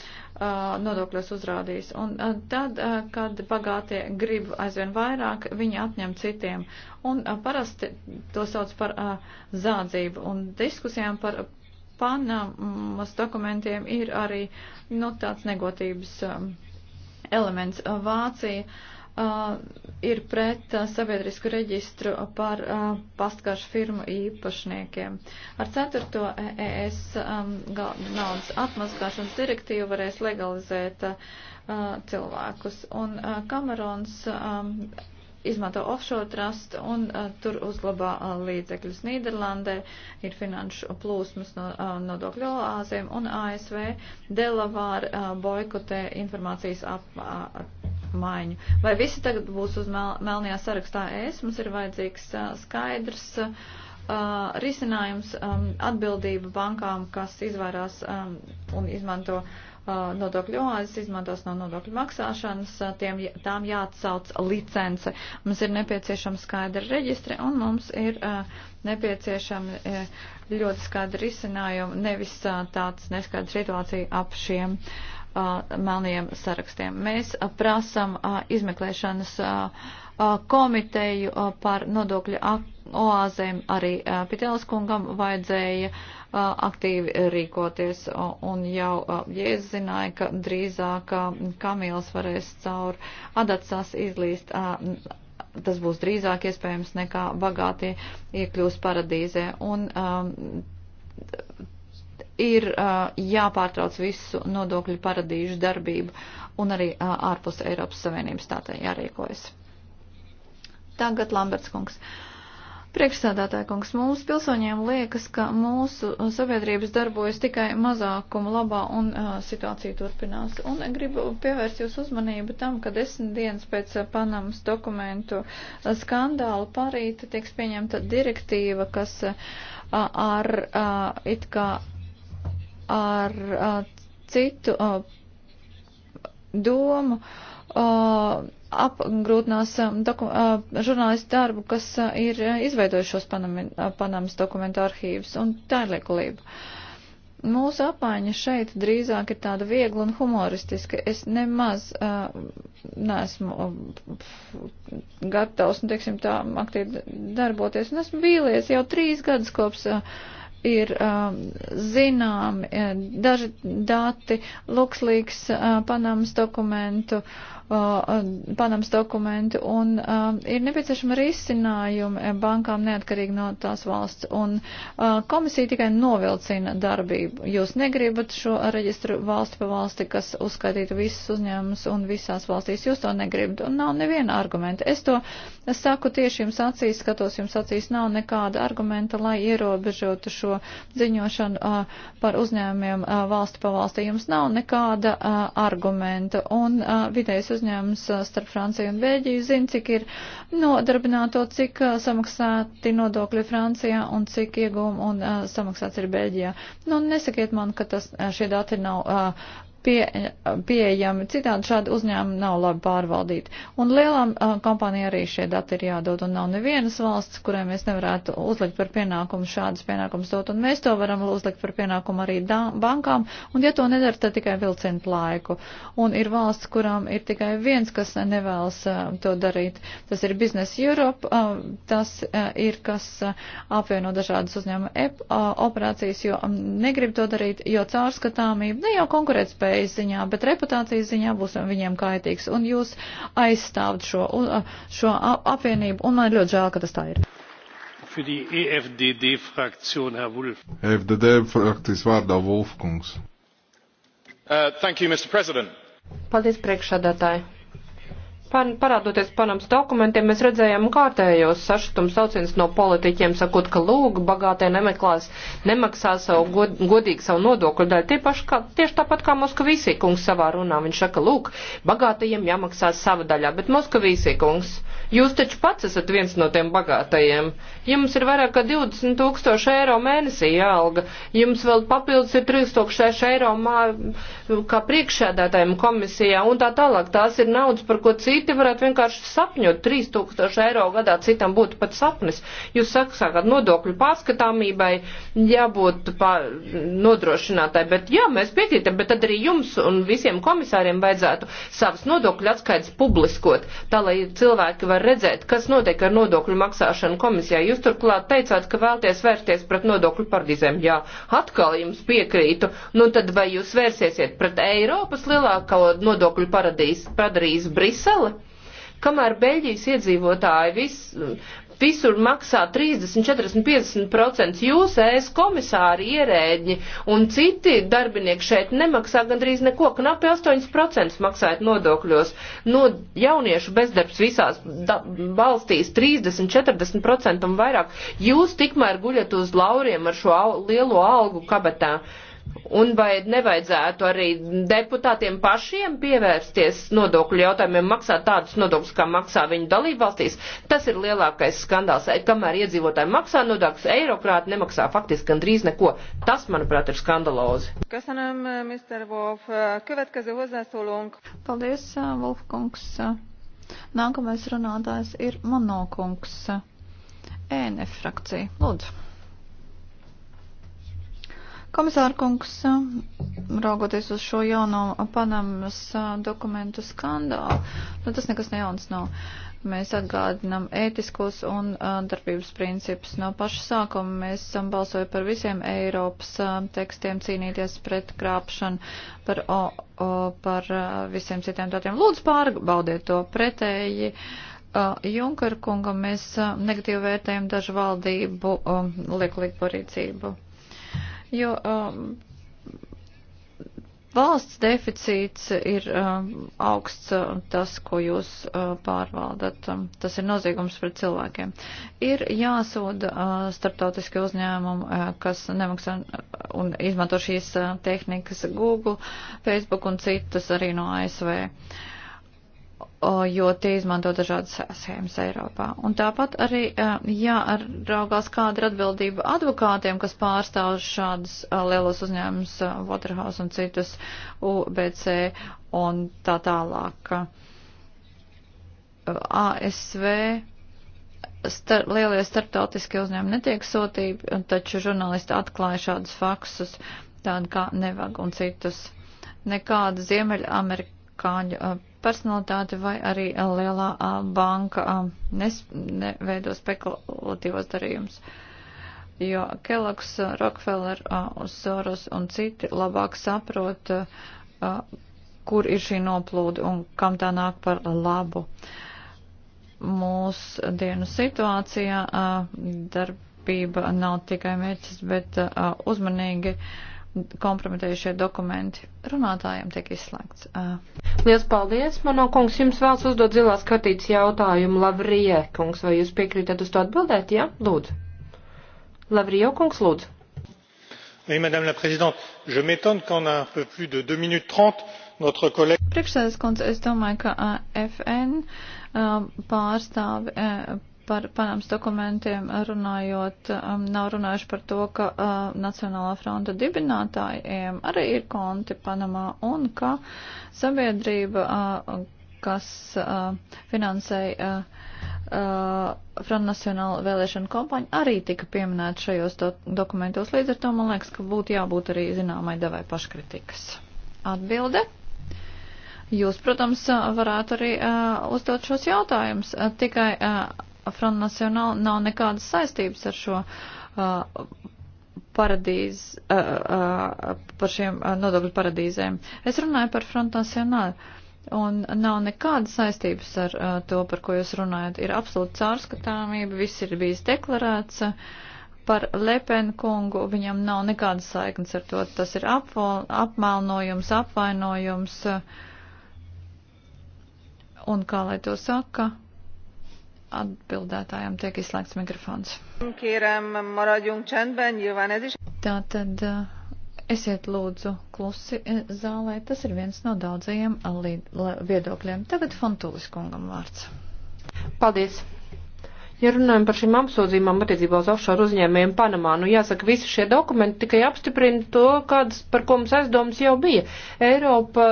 nodokļos uzrādījis. Un tad, kad bagātie grib aizvien vairāk, viņi atņem citiem. Un parasti to sauc par zādzību un diskusijām par Panamas dokumentiem ir arī nu, tāds negotības elements. Vācija uh, ir pret uh, sabiedrisku reģistru par uh, pastkaršu firmu īpašniekiem. Ar 4. ES um, naudas atmaskāšanas direktīvu varēs legalizēt uh, cilvēkus. Un uh, Kamerons um, izmanto offshore trust un uh, tur uzglabā uh, līdzekļus Nīderlandē, ir finanšu plūsmas no uh, nodokļu oāzēm un ASV Delavāra uh, boikotē informācijas apmaiņu. Uh, Vai visi tagad būs uz mel melnajā sarakstā ES? Mums ir vajadzīgs uh, skaidrs. Uh, Uh, risinājums um, atbildība bankām, kas izvairās um, un izmanto uh, Uh, nodokļu oāzes izmantos no nodokļu maksāšanas, uh, tiem, tām jāatsauc licence. Mums ir nepieciešama skaidra reģistra un mums ir uh, nepieciešama ļoti skaidra risinājuma, nevis tāds neskaidrs situācija ap šiem melniem sarakstiem. Mēs prasam izmeklēšanas komiteju par nodokļu oāzēm arī Pitēlas kungam vajadzēja aktīvi rīkoties un jau Jēzus zināja, ka drīzāk Kamils varēs caur adatsās izlīst tas būs drīzāk iespējams nekā bagātie iekļūs paradīzē. Un, um, ir uh, jāpārtrauc visu nodokļu paradīžu darbību un arī uh, ārpus Eiropas Savienības tā tā jārīkojas. Tagad Lamberts kungs. Priekšsādātāja kungs, mums pilsoņiem liekas, ka mūsu sabiedrības darbojas tikai mazākuma labā un uh, situācija turpinās. Un gribu pievērst jūs uzmanību tam, ka desmit dienas pēc Panamas dokumentu skandāla parīta tiks pieņemta direktīva, kas uh, ar uh, it kā ar uh, citu uh, domu. Uh, apgrūtinās um, doku, uh, žurnālistu darbu, kas uh, ir uh, izveidojušos Panami, Panamas dokumentu arhīvus un tērliekulību. Mūsu apmaiņa šeit drīzāk ir tāda viegla un humoristiska. Es nemaz uh, neesmu gatavs, nu, teiksim, tā aktīvi darboties. Un esmu vīlies jau trīs gadus kopš. Uh, ir um, zināmi daži dati, lukslīgs uh, Panamas dokumentu uh, Panamas dokumenti, un uh, ir nepieciešama risinājumi bankām neatkarīgi no tās valsts, un uh, komisija tikai novilcina darbību. Jūs negribat šo reģistru valsti pa valsti, kas uzskaitītu visus uzņēmumus un visās valstīs. Jūs to negribat, un nav neviena argumenta. Es to es saku tieši jums acīs, skatos jums acīs, nav nekāda argumenta, lai ierobežotu šo ziņošanu uh, par uzņēmumiem uh, valsti pa valsti. Jums nav nekāda uh, argumenta, un uh, vidējais uzņēmums starp Franciju un Bēļģiju zina, cik ir nodarbināto, cik samaksāti nodokļi Francijā un cik iegūmi un samaksāts ir Bēļģijā. Nu, nesakiet man, ka tas, šie dati nav pie, pieejami. Citādi šādi uzņēmumi nav labi pārvaldīti. Un lielām uh, kompānijām arī šie dati ir jādod, un nav nevienas valsts, kurai mēs nevarētu uzlikt par pienākumu šādas pienākumus dot, un mēs to varam uzlikt par pienākumu arī da, bankām, un ja to nedara, tad tikai vilcienu laiku. Un ir valsts, kurām ir tikai viens, kas nevēlas uh, to darīt. Tas ir Business Europe, uh, tas uh, ir, kas uh, apvieno dažādas uzņēmuma uh, operācijas, jo um, negrib to darīt, jo caurskatāmība ne jau konkurētspēja, iespējas ziņā, bet reputācijas ziņā būs viņiem kaitīgs. Un jūs aizstāvat šo, šo apvienību, un man ir ļoti žēl, ka tas tā ir. FDD e e frakcijas vārdā Vulfkungs. Uh, you, Paldies, priekšādātāji. Pan, parādoties panams dokumentiem, mēs redzējām kārtējos sašutums sauciens no politiķiem, sakot, ka lūg, bagātie nemeklās, nemaksā savu god, godīgi savu nodokļu daļu. Tie paši, kā, tieši tāpat kā Moskavīsī kungs savā runā, viņš saka, lūk, bagātajiem jāmaksā sava daļā, bet Moskavīsī kungs. Uh, Jūs taču pats esat viens no tiem bagātajiem. Jums ir vairāk kā 20 tūkstoši eiro mēnesī jāalga. Jums vēl papildus ir 3 tūkstoši eiro mā, kā priekšsēdētājiem komisijā un tā tālāk. Tās ir naudas, par ko citi varētu vienkārši sapņot. 3 tūkstoši eiro gadā citam būtu pat sapnis. Jūs sakāt, nodokļu pārskatāmībai jābūt pār, nodrošinātai. Bet jā, mēs piekrītam, bet tad arī jums un visiem komisāriem vajadzētu savas nodokļu atskaitas publiskot, tā lai cilvēki var tomēr redzēt, kas notiek ar nodokļu maksāšanu komisijā. Jūs turklāt teicāt, ka vēlties vērsties pret nodokļu paradīzēm. Jā, atkal jums piekrītu. Nu tad vai jūs vērsiesiet pret Eiropas lielāko nodokļu paradīzi padarīs Brisele? Kamēr Beļģijas iedzīvotāji vis, visur maksā 30, 40, 50%. Jūs, ES komisāri, ierēģi un citi darbinieki šeit nemaksā gandrīz neko, knapi 8% maksājat nodokļos. No jauniešu bezdarbs visās valstīs 30, 40% un vairāk. Jūs tikmēr guļat uz lauriem ar šo au, lielo algu kabatā. Uh, Un vai nevajadzētu arī deputātiem pašiem pievērsties nodokļu jautājumiem, maksāt tādus nodokļus, kā maksā viņu dalībvalstīs? Tas ir lielākais skandāls. E, kamēr iedzīvotāji maksā nodokļus, eirokrāti nemaksā faktiski gandrīz neko. Tas, manuprāt, ir skandalozi. Köszönöm, Mr. Wolf. Következő hozzászólónk. Paldies, Wolfkungs. Nākamais runātājs ir Monokungs. ENF frakcija. Lūdzu. Komisāra kungs, raugoties uz šo jauno Panamas dokumentu skandālu, nu tas nekas nejauns nav. Mēs atgādinam ētiskos un darbības principus. No paša sākuma mēs esam balsoju par visiem Eiropas tekstiem cīnīties pret krāpšanu, par, o, o, par visiem citiem datiem. Lūdzu, pārbaudiet to pretēji. Junker kungam mēs negatīvi vērtējam dažu valdību liekulīgu parīcību jo um, valsts deficīts ir um, augsts, tas, ko jūs uh, pārvaldat. Um, tas ir noziegums pret cilvēkiem. Ir jāsoda uh, starptautiski uzņēmumi, uh, kas nemaksā un izmanto šīs uh, tehnikas Google, Facebook un citas arī no ASV. Uh, jo tie izmanto dažādas schēmas Eiropā. Un tāpat arī e, jāraugās, kāda ir atbildība advokātiem, kas pārstāv šādus e, lielos uzņēmumus, e, Waterhouse un citus, UBC un tā tālāk. ASV star lielie starptautiskie uzņēmumi netiek sūtīti, taču žurnālisti atklāja šādus faksus, tādu kā Nevag un citus. Nekāda Ziemeļamerikāņu personalitāti vai arī eh, lielā banka neveido spekulatīvos darījumus. Jo Kellogs, Rockefeller, Soros un citi labāk saprot, kur ir šī noplūde un kam tā nāk par labu. Mūsu dienu situācijā darbība nav tikai mērķis, bet uzmanīgi kompromitējušie dokumenti runātājiem tiek izslēgts. Uh. Lielas paldies, mano kungs, jums vēls uzdot zilās kartītes jautājumu Lavrie, kungs, vai jūs piekrītat uz to atbildēt, jā? Ja? Lūdzu. Lavrie, kungs, lūdzu. Oui, madame la présidente, je m'étonne qu'en un peu plus de 2 minutes 30, notre collègue. Priekšsēdētājs kundze, es domāju, ka uh, FN uh, pārstāvi uh, par Panamas dokumentiem runājot, um, nav runājuši par to, ka uh, Nacionālā fronta dibinātājiem arī ir konti Panamā un ka sabiedrība, uh, kas uh, finansēja uh, uh, Front Nacionāla vēlēšana kampaņa, arī tika pieminēta šajos do dokumentos. Līdz ar to man liekas, ka būtu jābūt arī zināmai devai paškritikas. Atbilde. Jūs, protams, varētu arī uh, uzdot šos jautājumus. Uh, tikai uh, Front National nav nekādas saistības ar šo uh, paradīzi, uh, uh, par šiem uh, nodokļu paradīzēm. Es runāju par Front National. Un nav nekādas saistības ar uh, to, par ko jūs runājat. Ir absolūta caurskatāmība, viss ir bijis deklarēts. Uh, par Lepenu kungu viņam nav nekādas saiknes ar to. Tas ir apval, apmelnojums, apvainojums. Uh, un kā lai to saka? atbildētājiem tiek izslēgts mikrofons. Tātad eh, esiet lūdzu klusi eh, zālē. Tas ir viens no daudzajiem viedokļiem. Tagad Fontūlis kungam vārds. Paldies! Ja runājam par šīm apsūdzībām attiecībā uz offshore uzņēmējiem Panamā, nu jāsaka, visi šie dokumenti tikai apstiprina to, kādas, par ko mums aizdomas jau bija. Eiropa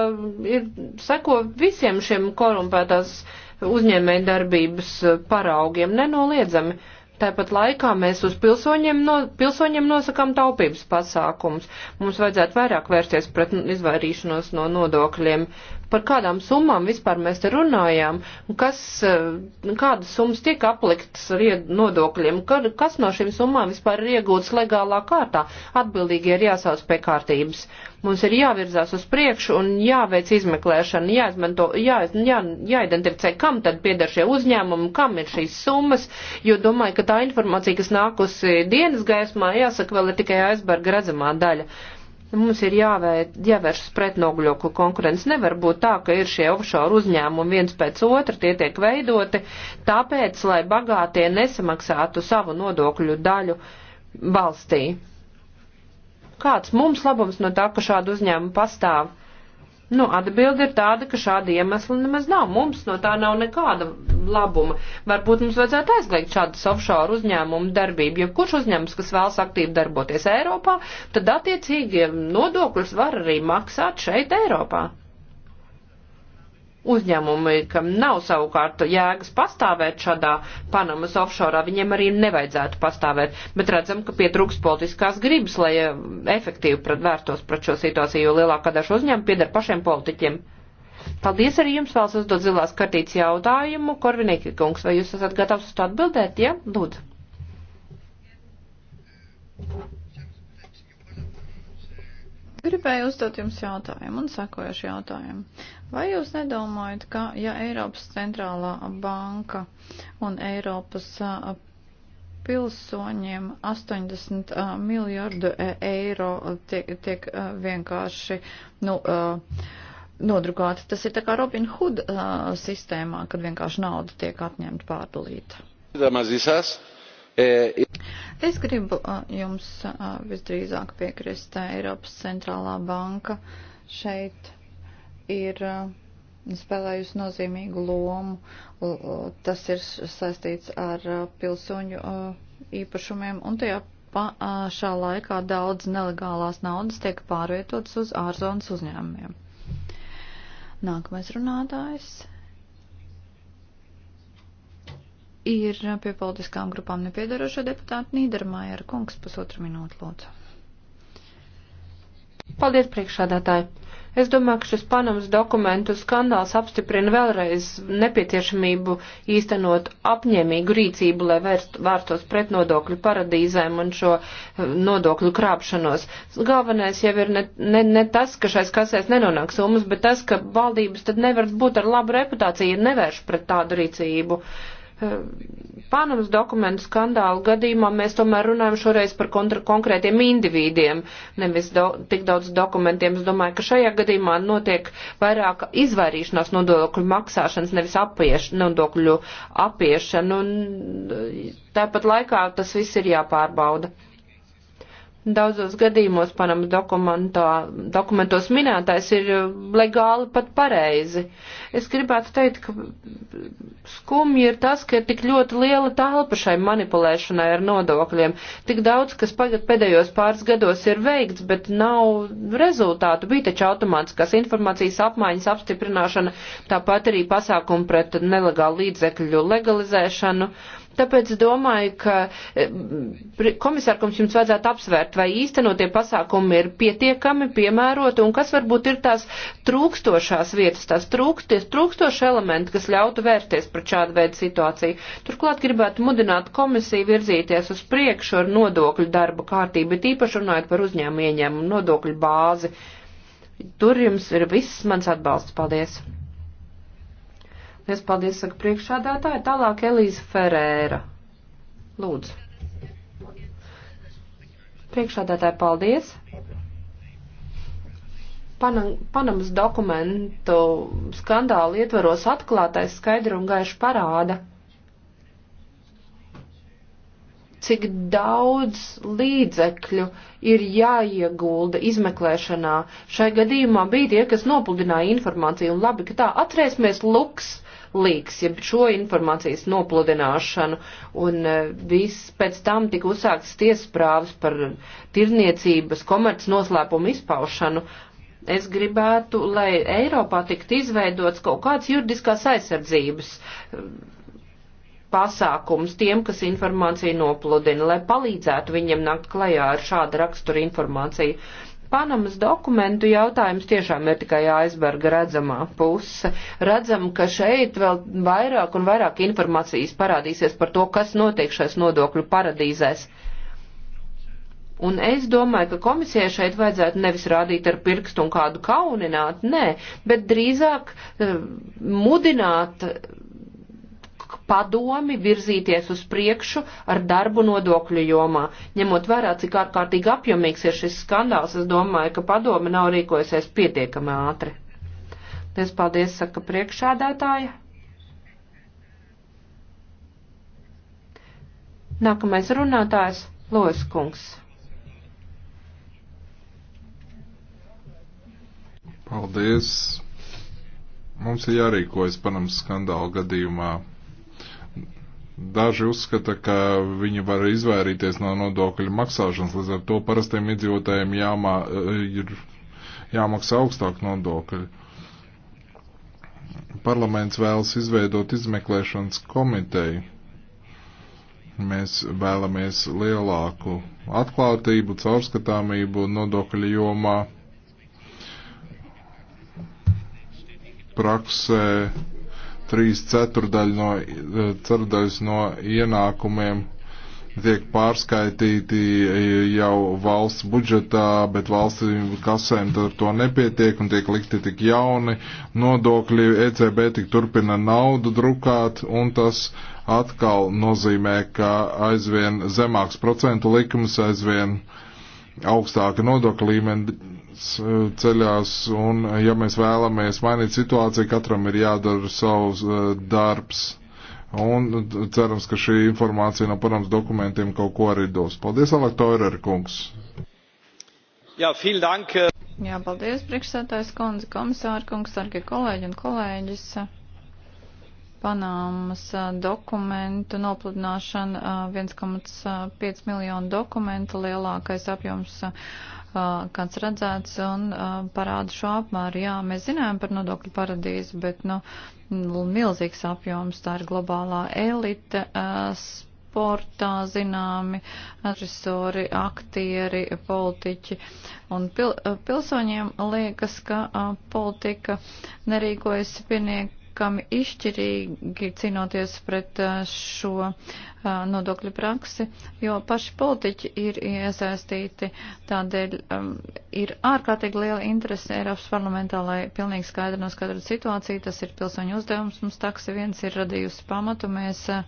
ir, seko visiem šiem korumpētās uh, uzņēmēju darbības eh, paraugiem nenoliedzami. Tāpat laikā mēs uz pilsoņiem, no, pilsoņiem nosakām taupības pasākums. Mums vajadzētu vairāk vērsties pret izvairīšanos no nodokļiem par kādām summām vispār mēs te runājām, kas, eh, kādas summas tiek apliktas ar nodokļiem, kas no šīm summām vispār ir iegūtas legālā kārtā, atbildīgi ir jāsauc pie kārtības. Mums ir jāvirzās uz priekšu un jāveic izmeklēšana, jāizmanto, jā, jā, jāidentificē, kam tad pieder šie uzņēmumi, kam ir šīs summas, jo domāju, ka tā informācija, kas nākusi dienas gaismā, jāsaka, vēl ir tikai aizberga redzamā daļa. Uh, Mums ir jāvēr, jāvēršas pret nogļoku konkurenci. Nevar būt tā, ka ir šie offshore uzņēmumi viens pēc otra, tie tiek veidoti, tāpēc, lai bagātie nesamaksātu savu nodokļu daļu valstī. Kāds mums labums no tā, ka šādu uzņēmumu pastāv? Nu, atbilde ir tāda, ka šāda iemesla nemaz nav. Mums no tā nav nekāda labuma. Varbūt mums vajadzētu aizliegt šādas offshore uzņēmumu darbību. Ja kurš uzņēmums, kas vēlas aktīvi darboties Eiropā, tad attiecīgi nodokļus var arī maksāt šeit Eiropā. Uzņēmumi, kam nav savukārt jēgas pastāvēt šādā Panamas offshore, viņiem arī nevajadzētu pastāvēt, bet redzam, ka pietrūks politiskās gribas, lai eh, efektīvi pret vērstos pret šo situāciju, jo lielākā daža uzņēmuma pieder pašiem politiķiem. Paldies arī jums, vēl uzdot zilās kartītes jautājumu. Korvinīki kungs, vai jūs esat gatavs uz to atbildēt, ja? Lūdzu. Gribēju uzdot jums jautājumu un sakojuši jautājumu. Vai jūs nedomājat, ka ja Eiropas centrālā banka un Eiropas pilsoņiem 80 miljardu e, eiro tiek, tiek vienkārši, nu, nodrukāti. Tas ir tā kā Robin Hood sistēmā, kad vienkārši nauda tiek atņemta pārdalīta. Mazisās. E, es gribu jums visdrīzāk piekrist. Eiropas centrālā banka šeit ir spēlējusi nozīmīgu lomu. Tas ir saistīts ar pilsoņu īpašumiem un tajā pašā laikā daudz nelegālās naudas tiek pārvietotas uz ārzonas uzņēmumiem. Nākamais runātājs ir uh, pie politiskām grupām nepiedarošo deputātu Nīdermājera kungs pusotru minūtu lūdzu. Paldies, priekšādātāji! Es domāju, ka šis Panamas dokumentu skandāls apstiprina vēlreiz nepieciešamību īstenot apņēmīgu rīcību, lai vērst, vērstos pret nodokļu paradīzēm un šo eh, nodokļu krāpšanos. Galvenais jau ir ne, ne, ne tas, ka šais kasēs nenonāk summas, bet tas, ka valdības tad nevar būt ar labu reputāciju, ja nevērš pret tādu rīcību. Uh, Panamas dokumentu skandālu gadījumā mēs tomēr runājam šoreiz par konkrētiem individiem, nevis do, tik daudz dokumentiem. Es domāju, ka šajā gadījumā notiek vairāk izvairīšanās nodokļu maksāšanas, nevis apieš, nodokļu apiešana. Un, e, tāpat laikā tas viss ir jāpārbauda. Daudzos gadījumos Panamas dokumentos minētais ir eh, legāli pat pareizi. Es gribētu teikt, ka skumji ir tas, ka ir tik ļoti liela telpa šai manipulēšanai ar nodokļiem. Tik daudz, kas pagad pēdējos pāris gados ir veikts, bet nav rezultātu. Bija taču automātiskās informācijas apmaiņas apstiprināšana, tāpat arī pasākumi pret nelegālu līdzekļu legalizēšanu Tāpēc domāju, ka eh, komisārkums jums vajadzētu apsvērt, vai īstenotie pasākumi ir pietiekami, piemēroti un kas varbūt ir tās trūkstošās vietas, tās trūksties, trūkstoši elementi, kas ļautu vērsties pret šādu veidu situāciju. Turklāt gribētu mudināt komisiju virzīties uz priekšu ar nodokļu darba kārtību, bet īpaši runājot par uzņēmumu ieņēmumu nodokļu bāzi. Tur jums ir viss mans atbalsts. Paldies! Es paldies, saka priekšādātāja. Tālāk Elīza Ferēra. Lūdzu. Priekšādātāja, paldies. Panam, Panamas dokumentu skandāla ietvaros atklātais skaidri un gaiši parāda, cik daudz līdzekļu ir jāiegulda izmeklēšanā. Šai gadījumā bija tie, kas nopludināja informāciju, un labi, ka tā atcerēsimies Luks līks, ja šo informācijas nopludināšanu, un e, viss pēc tam tika uzsāktas tiesprāvas par tirniecības komerc noslēpumu izpaušanu. Es gribētu, lai Eiropā tiktu izveidots kaut kāds juridiskās aizsardzības e, pasākums tiem, kas informāciju nopludina, lai palīdzētu viņiem nākt klajā ar šādu raksturu informāciju. Panamas dokumentu jautājums tiešām ir tikai aizberga redzamā puse. Redzam, ka šeit vēl vairāk un vairāk informācijas parādīsies par to, kas notiek šais nodokļu paradīzēs. Un es domāju, ka komisijai šeit vajadzētu nevis rādīt ar pirkstu un kādu kaunināt, nē, bet drīzāk uh, mudināt padomi virzīties uz priekšu ar darbu nodokļu jomā. Ņemot vērā, cik ārkārtīgi apjomīgs ir šis skandāls, es domāju, ka padomi nav rīkojusies pietiekami ātri. Es paldies, saka priekšādātāja. Nākamais runātājs - Lojas kungs. Paldies! Mums ir jārīkojas Panamas skandāla gadījumā. Daži uzskata, ka viņi var izvairīties no nodokļu maksāšanas, līdz ar to parastiem iedzīvotājiem jāmā, eh, ir jāmaksā augstāk nodokļi. Parlaments vēlas izveidot izmeklēšanas komiteju. Mēs vēlamies lielāku atklātību, caurskatāmību nodokļu jomā, praksē, trīs ceturdaļas no, e, ceturdaļas no ienākumiem tiek pārskaitīti e, jau valsts budžetā, bet valsts kasēm ar to nepietiek un tiek likti tik jauni nodokļi. ECB tik turpina naudu drukāt un tas atkal nozīmē, ka aizvien zemāks procentu likums, aizvien augstāka nodokļa līmeni valsts ceļās, un eh, ja mēs vēlamies mainīt situāciju, katram ir jādara savs eh, darbs. Un eh, cerams, ka šī informācija no params dokumentiem kaut ko arī dos. Paldies, Alek Toirer, kungs! Jā, vielen dank! Jā, paldies, priekšsētājs kundze, komisāra kungs, argi kolēģi un kolēģis. Panāmas dokumentu nopludināšana 1,5 miljonu dokumentu lielākais apjoms kāds redzēts un parāda šo apmēru. Jā, mēs zinām par nodokļu paradīzi, bet, nu, milzīgs apjoms, tā ir globālā elite, sportā zināmi režisori, aktieri, politiķi. Un pil, pilsoņiem liekas, ka politika nerīkojas pieniekami izšķirīgi cīnoties pret šo nodokļu praksi, jo paši politiķi ir iesaistīti, tādēļ um, ir ārkārtīgi liela interese Eiropas parlamentā, lai pilnīgi skaidri noskaidrotu situāciju. Tas ir pilsoņu uzdevums. Mums taksi viens ir radījusi pamatu. Mēs uh,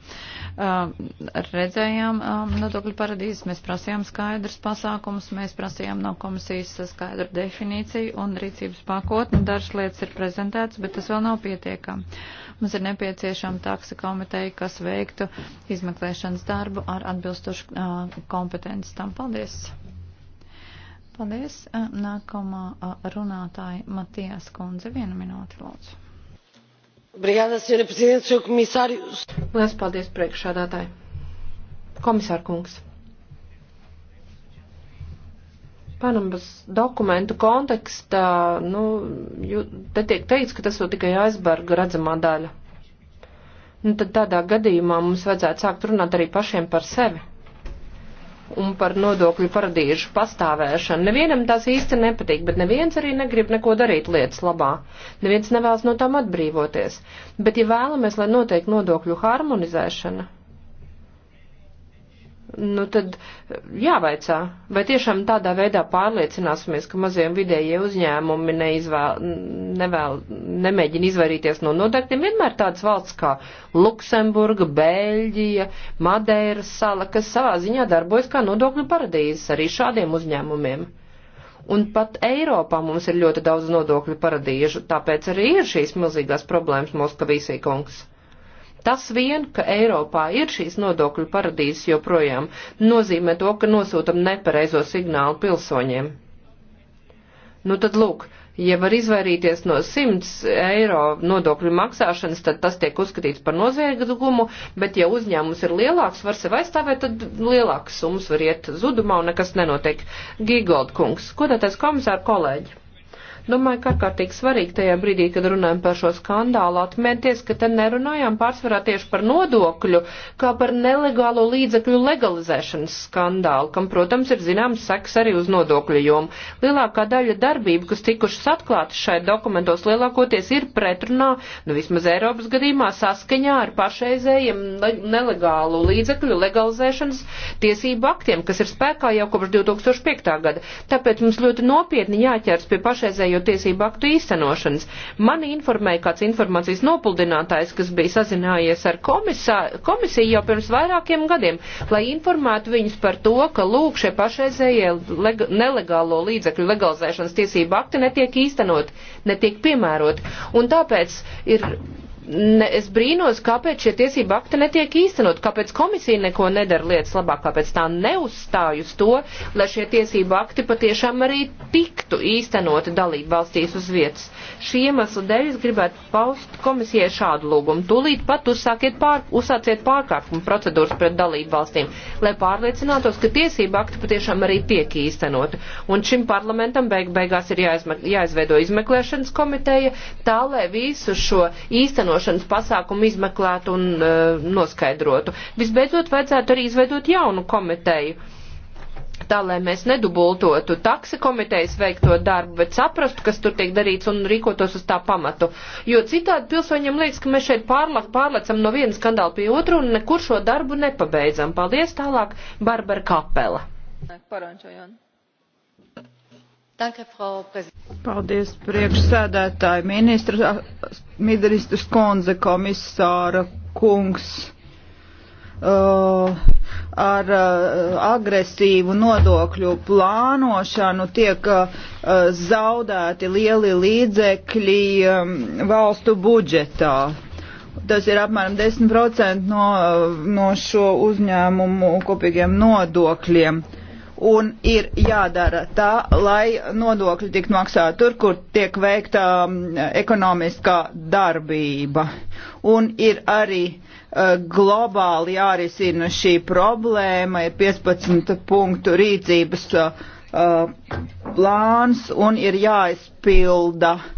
redzējām um, nodokļu paradīzes, mēs prasījām skaidrs pasākums, mēs prasījām no komisijas skaidru definīciju un rīcības pakotni. Dažas lietas ir prezentētas, bet tas vēl nav pietiekami. Mums ir nepieciešama taksi komiteja, kas veiktu izmeklēšanu apmeklēšanas darbu ar atbilstošu uh, kompetenci tam. Paldies! Paldies! Uh, nākamā uh, runātāja Matijas kundze, viena minūte, lūdzu. Brigāda, senjora prezidents, senjora komisārijus. Lielas paldies priekšādātāji. Komisār kungs. Panamas dokumentu kontekstā, nu, te tiek teikts, ka tas vēl tikai aizberga redzamā daļa nu tad tādā gadījumā mums vajadzētu sākt runāt arī pašiem par sevi un par nodokļu paradīžu pastāvēšanu. Nevienam tās īsti nepatīk, bet neviens arī negrib neko darīt lietas labā. Neviens nevēlas no tām atbrīvoties. Bet, ja vēlamies, lai notiek nodokļu harmonizēšana, nu tad jāvaicā, vai tiešām tādā veidā pārliecināsimies, ka mazie un vidējie uzņēmumi neizvēl, nevēl, nemēģina izvairīties no nodokļiem. Vienmēr tādas valsts kā Luksemburga, Bēļģija, Madeiras sala, kas savā ziņā darbojas kā nodokļu paradīzes arī šādiem uzņēmumiem. Un pat Eiropā mums ir ļoti daudz nodokļu paradīžu, tāpēc arī ir šīs milzīgās problēmas Moskavīsī kungs. Tas vien, ka Eiropā ir šīs nodokļu paradīzes joprojām, nozīmē to, ka nosūtam nepareizo signālu pilsoņiem. Nu tad lūk, ja var izvairīties no 100 eiro nodokļu maksāšanas, tad tas tiek uzskatīts par noziegumu, bet ja uzņēmums ir lielāks, var sev aizstāvēt, tad lielāks sums var iet zudumā un nekas nenotiek. Gigold kungs, ko tātais komisāra kolēģi? Domāju, ka ārkārtīgi svarīgi tajā brīdī, kad runājam par šo skandālu, atmēties, ka te nerunājām pārsvarā tieši par nodokļu, kā par nelegālo līdzekļu legalizēšanas skandālu, kam, protams, ir zināms seks arī uz nodokļu jomu. Lielākā daļa darbību, kas tikušas atklātas šai dokumentos, lielākoties ir pretrunā, nu vismaz Eiropas gadījumā, saskaņā ar pašreizējiem nelegālu līdzekļu legalizēšanas tiesību aktiem, kas ir spēkā jau kopš 2005. gada. Tāpēc mums ļoti nopietni jāķers pie pašreizējo pašreizējo tiesību aktu īstenošanas. Mani informēja kāds informācijas nopuldinātājs, kas bija sazinājies ar komisā, komisiju jau pirms vairākiem gadiem, lai informētu viņus par to, ka lūk šie pašreizējie leg nelegālo līdzekļu legalizēšanas tiesību akti netiek īstenot, netiek piemērot. Un tāpēc ir ne, es brīnos, kāpēc šie tiesība akti netiek īstenot, kāpēc komisija neko nedara lietas labāk, kāpēc tā neuzstāj uz to, lai šie tiesība akti patiešām arī tiktu īstenoti dalību valstīs uz vietas. Šī iemesla dēļ es gribētu paust komisijai šādu lūgumu. Tūlīt pat pār, uzsāciet pārkārtumu procedūras pret dalību valstīm, lai pārliecinātos, ka tiesība akti patiešām arī tiek īstenoti. Un šim parlamentam beig beigās ir jāizme, jāizveido izmeklēšanas komiteja, tā lai visu šo īstenošanu īstenošanas pasākumu izmeklētu un uh, noskaidrotu. Visbeidzot, vajadzētu arī izveidot jaunu komiteju. Tā, lai mēs nedubultotu taksi komitejas veikto darbu, bet saprastu, kas tur tiek darīts un rīkotos uz tā pamatu. Jo citādi pilsoņiem liekas, ka mēs šeit pārla pārlecam no viena skandāla pie otru un nekur šo darbu nepabeidzam. Paldies tālāk, Barbara Kapela. Parancsojon. Paldies priekšsēdētāji ministra, ministrs Konze komisāra kungs. Uh, ar uh, agresīvu nodokļu plānošanu tiek uh, zaudēti lieli līdzekļi um, valstu budžetā. Tas ir apmēram 10% no, uh, no šo uzņēmumu kopīgiem nodokļiem. Uh, un ir jādara tā, lai nodokļi tik maksāti tur, kur tiek veikta um, ekonomiskā darbība. Un ir arī uh, globāli jārisina šī problēma, ir 15 punktu rīcības uh, uh, plāns un ir jāizpilda uh,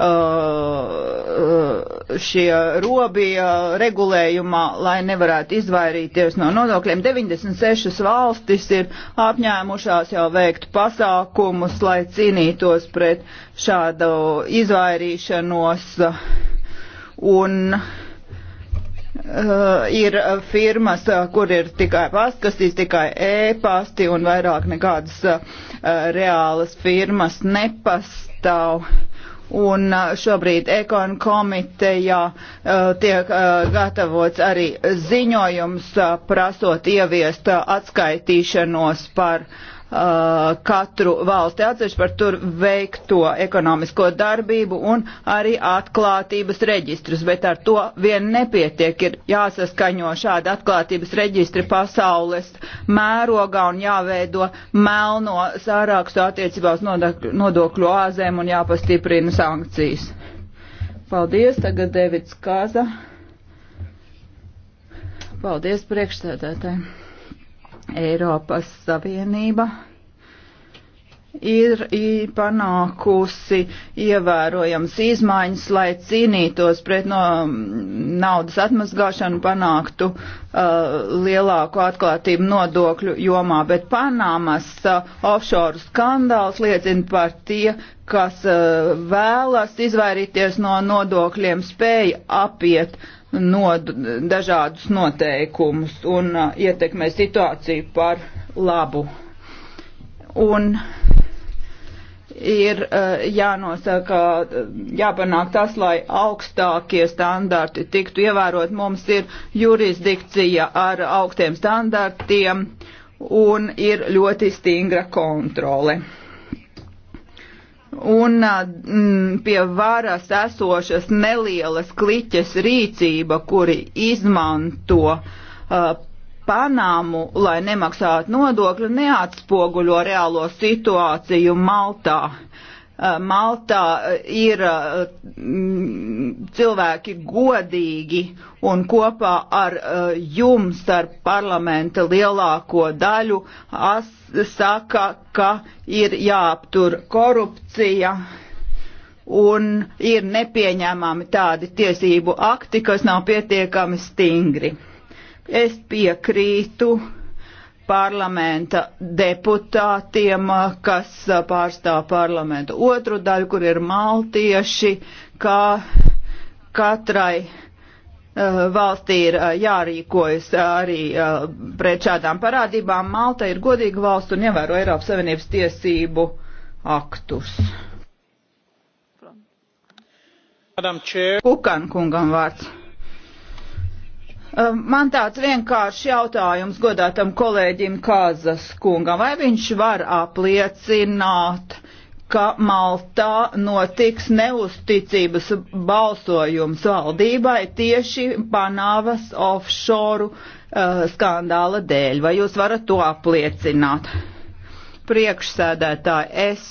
Uh, uh, šie robi uh, regulējumā, lai nevarētu izvairīties no nodokļiem. 96 valstis ir apņēmušās jau veikt pasākumus, lai cīnītos pret šādu izvairīšanos un uh, ir firmas, kur ir tikai pastkastīs, tikai e-pasti un vairāk nekādas uh, reālas firmas nepastāv. Uh, un uh, šobrīd ekon komitejā uh, tiek uh, gatavots arī ziņojums prasot ieviest atskaitīšanos par Uh, katru valsti atsevišķi par tur veikto ekonomisko darbību un arī atklātības reģistrus, bet ar to vien nepietiek. Ir jāsaskaņo šādi atklātības reģistri pasaules mērogā un jāveido melno sārakstu attiecībā uz nodokļu āzēm un jāpastiprina sankcijas. Paldies, tagad Devits Kaza. Paldies priekšstādātājiem. Eiropas Savienība ir panākusi ievērojams izmaiņas, lai cīnītos pret no naudas atmazgāšanu, panāktu uh, lielāku atklātību nodokļu jomā, bet Panamas uh, offshore skandāls liecina par tie, kas uh, vēlas izvairīties no nodokļiem, spēja apiet uh, no dažādus noteikumus un uh, ietekmē situāciju par labu. Un ir uh, jānosaka, jāpanāk tas, lai augstākie standarti tiktu ievērot. Mums ir jurisdikcija ar augstiem standartiem un ir ļoti stingra kontrole un m, pie varas esošas nelielas kliķes rīcība, kuri izmanto uh, Panamu, lai nemaksātu nodokļu, neatspoguļo reālo situāciju Maltā. Uh, Eh, Maltā eh, ir eh, cilvēki godīgi un kopā ar jums, ar parlamenta lielāko daļu, saka, ka ir jāaptur korupcija un ir nepieņēmami tādi tiesību akti, kas nav pietiekami stingri. Es piekrītu uh, parlamenta deputātiem, kas pārstāv parlamentu otru daļu, kur ir maltieši, kā katrai eh, valstī ir eh, jārīkojas arī eh, pret šādām parādībām. Malta ir godīga valsts un ievēro Eiropas Savienības tiesību aktus. Kukan kungam vārds. Um, man tāds vienkāršs jautājums godātam kolēģim Kāzas kungam. Vai viņš var apliecināt, ka Maltā notiks neusticības balsojums valdībai tieši Panavas offshore uh, skandāla dēļ? Vai jūs varat to apliecināt? Priekšsēdētāji, es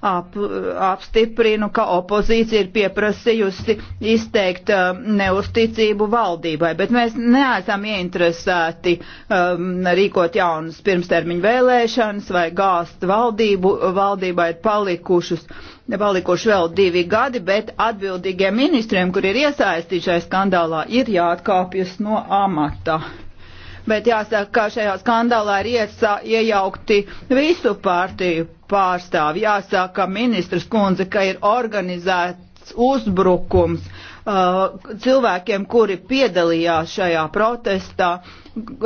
ap, apstiprinu, ka opozīcija ir pieprasījusi izteikt um, neusticību valdībai, bet mēs neesam ieinteresēti um, rīkot jaunas pirmstermiņu vēlēšanas vai gāzt valdību. Valdībai ir palikušas, palikuši vēl divi gadi, bet atbildīgiem ministriem, kur ir iesaistīti šai skandālā, ir jāatkāpjas no amata bet jāsaka, ka šajā skandālā ir iesa, iejaukti visu pārtīju pārstāvi. Jāsaka, ministrs kundze, ka ir organizēts uzbrukums uh, cilvēkiem, kuri piedalījās šajā protestā, uh,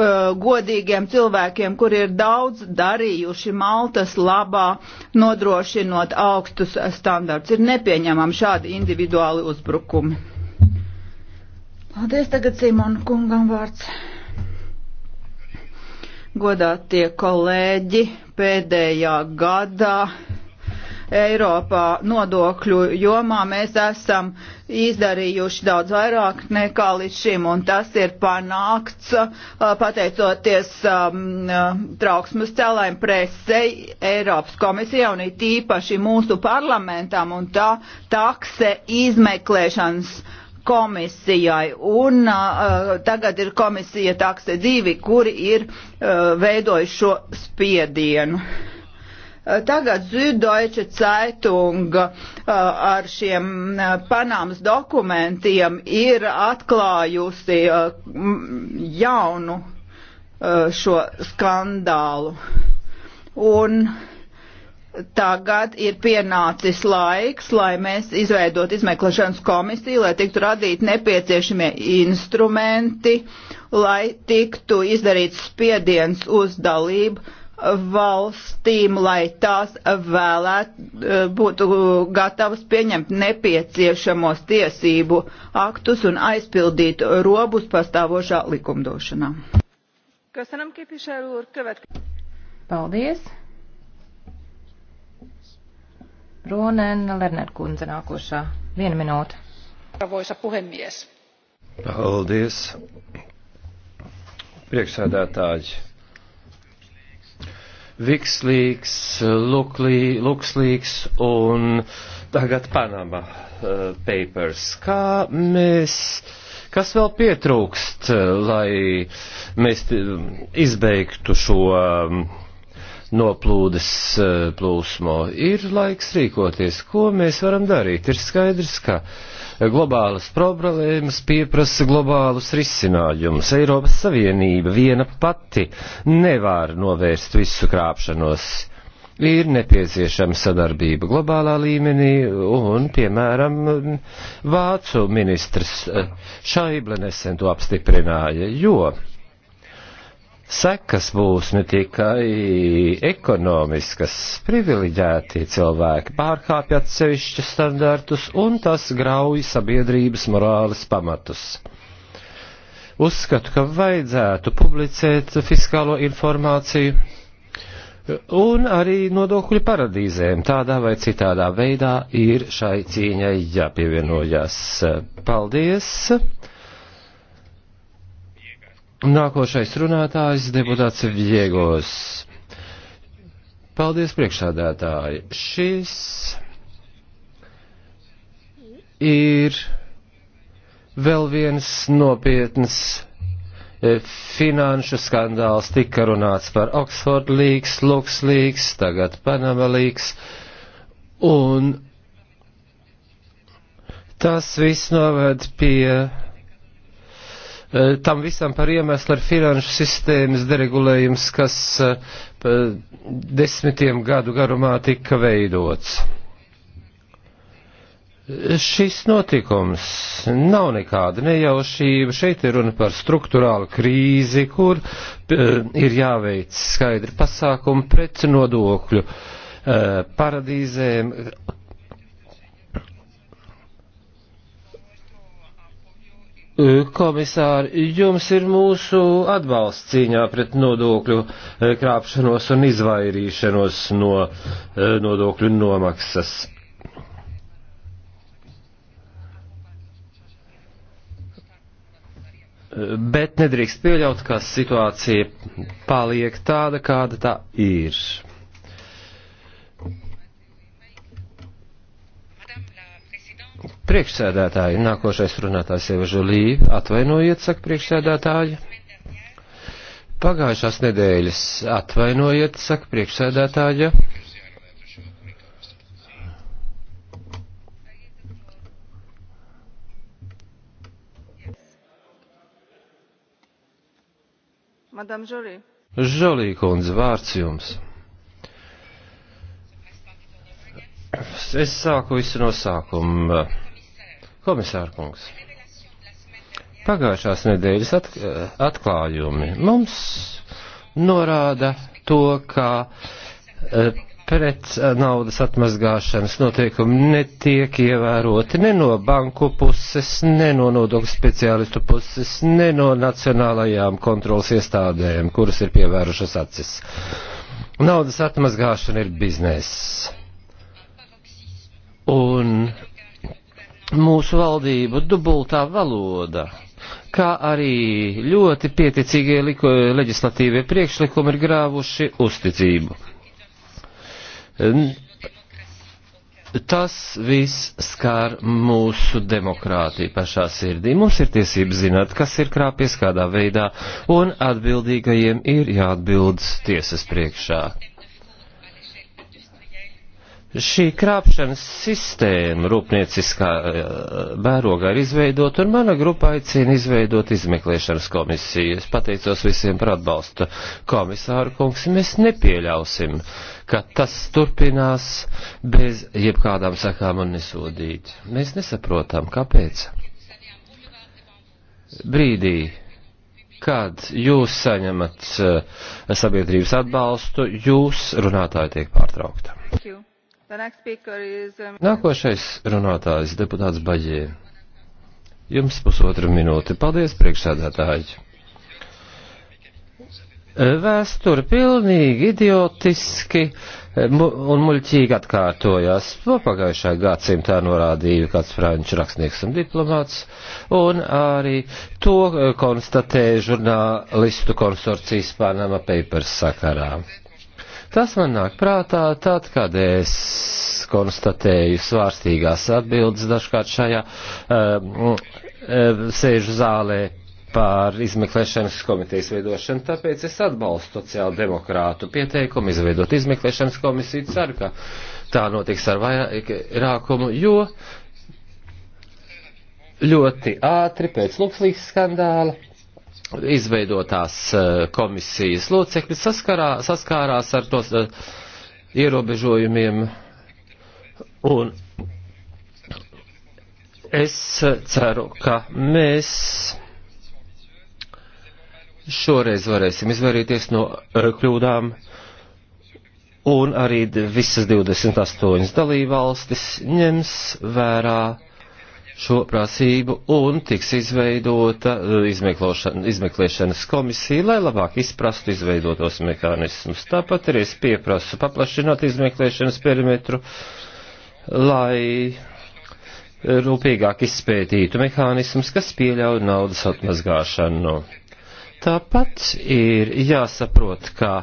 godīgiem cilvēkiem, kuri ir daudz darījuši Maltas labā, nodrošinot augstus standarts. Ir nepieņemami šādi individuāli uzbrukumi. Paldies tagad Simon kungam vārds. Godātie kolēģi, pēdējā gadā Eiropā nodokļu jomā mēs esam izdarījuši daudz vairāk nekā līdz šim, un tas ir panākts pateicoties um, trauksmes cēlājiem presei Eiropas komisijā un it īpaši mūsu parlamentam un tā takse izmeklēšanas komisijai, un uh, uh, tagad ir komisija takse divi, kuri ir uh, veidojuši šo spiedienu. Uh, tagad Zydoiča Caitunga uh, ar šiem uh, Panāmas dokumentiem ir atklājusi uh, jaunu uh, šo skandālu. Un uh, tagad ir pienācis laiks, lai mēs izveidot izmeklēšanas komisiju, lai tiktu radīt nepieciešamie instrumenti, lai tiktu izdarīts spiediens uz dalību valstīm, lai tās vēlēt, eh, būtu gatavas pieņemt nepieciešamos tiesību aktus un aizpildīt robus pastāvošā likumdošanā. Paldies! Ruonen Lerner kundze nākošā. Viena minūte. Arvoisa puhemies. Paldies. Priekšsēdētāji. Vikslīgs, Luklī, Lukslīgs un tagad Panama eh, Papers. Kā mēs, kas vēl pietrūkst, eh, lai mēs eh, izbeigtu šo noplūdes eh, plūsmo. Ir laiks rīkoties, ko mēs varam darīt. Ir skaidrs, ka globālas problēmas pieprasa globālus risinājumus. Eiropas Savienība viena pati nevar novērst visu krāpšanos. Ir nepieciešama sadarbība globālā līmenī, un, piemēram, Vācu ministrs eh, Šaible nesen to apstiprināja, jo sekas būs ne tikai ekonomiskas, privileģēti cilvēki pārkāpj atsevišķus standartus un tas grauj sabiedrības morāles pamatus. Uzskatu, ka vajadzētu publicēt fiskālo informāciju un arī nodokļu paradīzēm tādā vai citādā veidā ir šai cīņai jāpievienojas. Paldies! Nākošais runātājs deputāts Viegos. Paldies priekšsādātāji. Šis ir vēl viens nopietns e, finanšu skandāls. Tika runāts par Oxford līgs, Lux līgs, tagad Panama līgs. Un tas viss noved pie Eh, tam visam par iemeslu ir finanšu sistēmas deregulējums, kas eh, desmitiem gadu garumā tika veidots. Šis notikums nav nekāda nejaušība. Šeit ir runa par struktūrālu krīzi, kur eh, ir jāveic skaidri pasākumi pret nodokļu paradīzēm, Komisāri, jums ir mūsu atbalsts cīņā pret nodokļu krāpšanos un izvairīšanos no nodokļu nomaksas. Bet nedrīkst pieļaut, ka situācija paliek tāda, kāda tā ir. Priekšsēdētāji, nākošais runātājs Eva Žulī, atvainojiet, saka priekšsēdētāji. Pagājušās nedēļas atvainojiet, saka priekšsēdētāja. Žolī kundze, vārds jums. Es sāku visu no sākuma. Komisārkungs. Pagājušās nedēļas atklājumi mums norāda to, ka e, pret naudas atmazgāšanas noteikumi netiek ievēroti ne no banku puses, ne no nodokļu speciālistu puses, ne no nacionālajām kontrolas iestādēm, kuras ir pievērušas acis. Naudas atmazgāšana ir bizness un mūsu valdību dubultā valoda, kā arī ļoti pieticīgie liko, leģislatīvie priekšlikumi ir grāvuši uzticību. Tas viss skār mūsu demokrātiju pašā sirdī. Mums ir tiesības zināt, kas ir krāpies kādā veidā, un atbildīgajiem ir jāatbild tiesas priekšā šī krāpšanas sistēma rūpnieciskā vērogā eh, ir izveidota, un mana grupa aicina izveidot izmeklēšanas komisiju. Es pateicos visiem par atbalstu. Komisāru kungs, mēs nepieļausim, ka tas turpinās bez jebkādām sakām un nesodīt. Mēs nesaprotam, kāpēc. Brīdī, kad jūs saņemat eh, sabiedrības atbalstu, jūs runātāji tiek pārtraukta. Thank you. Is... Um, Nākošais runātājs deputāts Baģē. Jums pusotra minūte. Paldies, priekšsēdētāji. Vēsture pilnīgi idiotiski un muļķīgi atkārtojās. To pagājušā gadsimtā norādīja kāds franču rakstnieks un diplomāts, un arī to konstatē žurnālistu konsorcijas Panama Papers sakarā. Tas man nāk prātā tad, kad es konstatēju svārstīgās atbildes dažkārt šajā uh, uh, sēžu zālē par izmeklēšanas komitejas veidošanu, tāpēc es atbalstu sociālu demokrātu pieteikumu izveidot izmeklēšanas komisiju. Ceru, ka tā notiks ar vairākumu, jo ļoti ātri pēc Luxlīgas skandāla izveidotās eh, komisijas locekļi saskarā, saskārās ar tos eh, ierobežojumiem. Un es eh, ceru, ka mēs šoreiz varēsim izvairīties no kļūdām. Un arī visas 28 dalībvalstis ņems vērā šo prasību un tiks izveidota eh, izmeklēšanas komisija, lai labāk izprastu izveidotos mehānismus. Tāpat arī es pieprasu paplašināt izmeklēšanas perimetru, lai rūpīgāk izpētītu mehānismus, kas pieļauj naudas atmazgāšanu. Tāpat ir jāsaprot, ka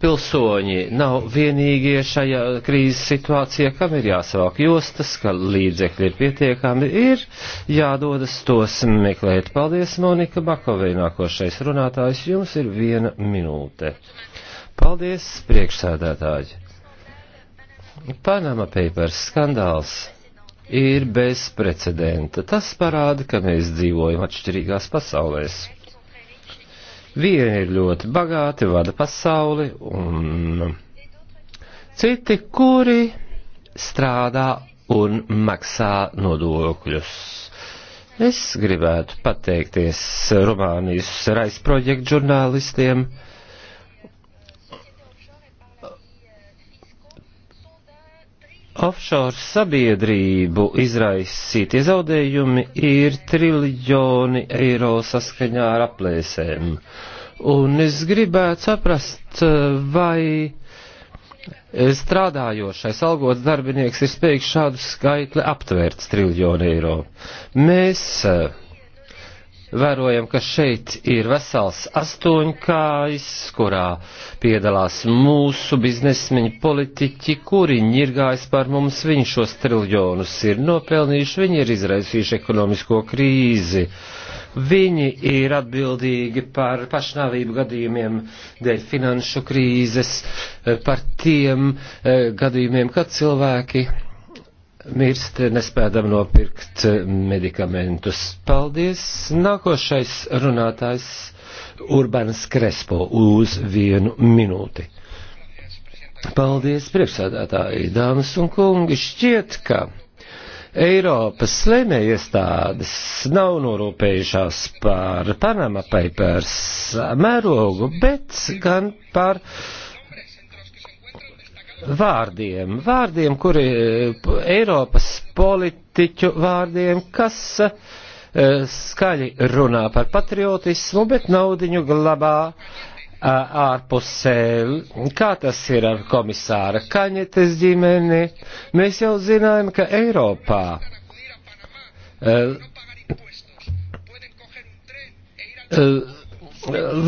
pilsoņi nav vienīgie šajā krīzes situācijā, kam ir jāsavāk jostas, ka līdzekļi ir pietiekami, ir jādodas tos meklēt. Paldies, Monika Bakovei, nākošais runātājs, jums ir viena minūte. Paldies, priekšsēdētāji. Panama Papers skandāls ir bez precedenta. Tas parāda, ka mēs dzīvojam atšķirīgās pasaulēs Vieni ir ļoti bagāti, vada pasauli, un citi, kuri strādā un maksā nodokļus. Es gribētu pateikties Rumānijas raizprojektu žurnālistiem offshore sabiedrību izraisītie zaudējumi ir triljoni eiro saskaņā ar aplēsēm. Un es gribētu saprast, vai strādājošais algots darbinieks ir spējīgs šādu skaitli aptvērt triljonu eiro. Mēs uh, vērojam, ka šeit ir vesels astoņkājs, kurā piedalās mūsu biznesmeņi politiķi, kuri ņirgājas par mums, viņi šos triljonus ir nopelnījuši, viņi ir izraisījuši ekonomisko krīzi. Viņi ir atbildīgi par pašnāvību gadījumiem dēļ finanšu krīzes, par tiem eh, gadījumiem, kad cilvēki mirst, nespēdam nopirkt medikamentus. Paldies! Nākošais runātājs Urbans Krespo uz vienu minūti. Paldies, priekšsēdētāji, dāmas un kungi, šķiet, ka Eiropas slimē iestādes nav norūpējušās par Panama Papers mērogu, bet gan par uh, vārdiem, vārdiem, kuri eh, Eiropas politiķu vārdiem, kas eh, skaļi runā par patriotismu, bet naudiņu glabā ārpusē. Kā tas ir ar komisāra Kaņetes ģimeni? Mēs jau zinājam, ka Eiropā uh, uh,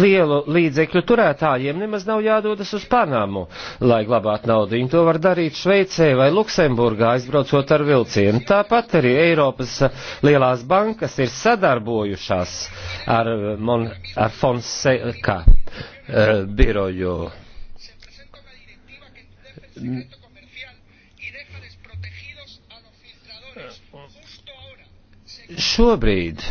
lielu līdzekļu turētājiem nemaz nav jādodas uz Panamu, lai glabātu naudu. Viņi to var darīt Šveicē vai Luksemburgā, aizbraucot ar vilcienu. Tāpat arī Eiropas lielās bankas ir sadarbojušās ar, Mon, ar Fonseca uh, biroju. Šobrīd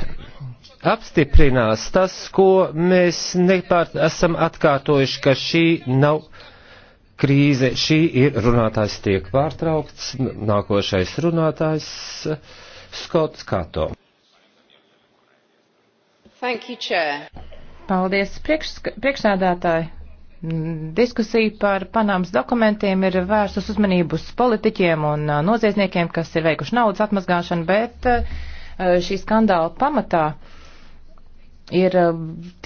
apstiprinās tas, ko mēs nepār esam atkārtojuši, ka šī nav krīze, šī ir runātājs tiek pārtraukts, nākošais runātājs Skots Kato. Thank you, Chair. Paldies, priekš, priekšsādātāji. Diskusija par Panāmas dokumentiem ir vērstus uzmanību uz politiķiem un uh, noziedzniekiem, kas ir veikuši naudas atmazgāšanu, bet uh, uh, šī skandāla pamatā uh, ir eh,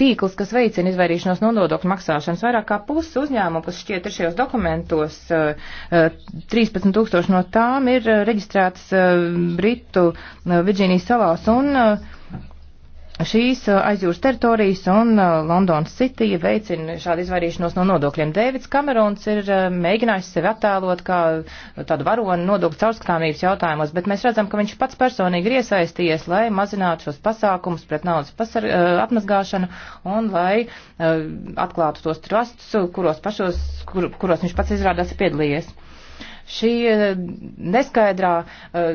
tīkls, kas veicina izvairīšanos no nodokļu maksāšanas. Vairāk kā puses uzņēmumu, kas šķiet ir šajos dokumentos, 13 eh, eh, tūkstoši no tām ir reģistrētas Britu Virģīnijas salās un šīs uh, aizjūras teritorijas un uh, Londonas City veicina šādu izvairīšanos no nodokļiem. Dēvids Kamerons ir uh, mēģinājis sevi attēlot kā tādu varoni nodokļu caurskatāmības jautājumos, bet mēs redzam, ka viņš pats personīgi ir iesaistījies, lai mazinātu šos pasākumus pret naudas pasar, apmazgāšanu un lai atklātu tos trustus, kuros, pašos, kur, kuros viņš pats izrādās ir piedalījies. Šī eh, neskaidrā uh,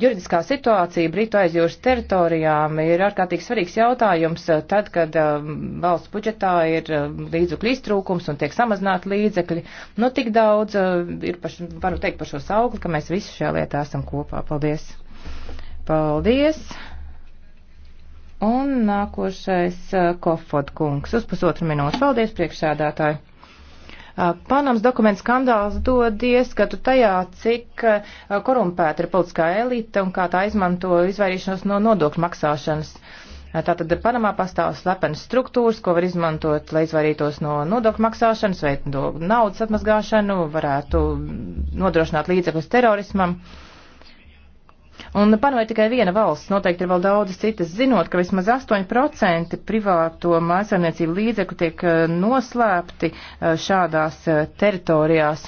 juridiskā situācija Britu aizjūras teritorijām ir ārkārtīgi svarīgs jautājums eh, tad, kad uh, valsts budžetā ir uh, līdzekļu iztrūkums un tiek samazināt līdzekļi. Nu, tik daudz uh, ir, paš, varu teikt, par šo saukli, ka mēs visi šajā lietā esam kopā. Paldies! Paldies! Un nākošais uh, Kofod kungs uz pusotru minūtu. Paldies, priekšsēdētāji! Uh, Panams dokumentu skandāls dod ieskatu tajā, cik uh, korumpēta ir politiskā elite un kā tā izmanto izvairīšanos no nodokļu maksāšanas. Uh, Tātad Panamā pastāv slepenas struktūras, ko var izmantot, lai izvairītos no nodokļu maksāšanas vai no naudas atmazgāšanu, varētu nodrošināt līdzekļus terorismam. Uh, Un panoja tikai viena valsts, noteikti ir vēl daudzas citas, zinot, ka vismaz 8% privāto mājasarniecību līdzekļu tiek eh, noslēpti eh, šādās eh, teritorijās.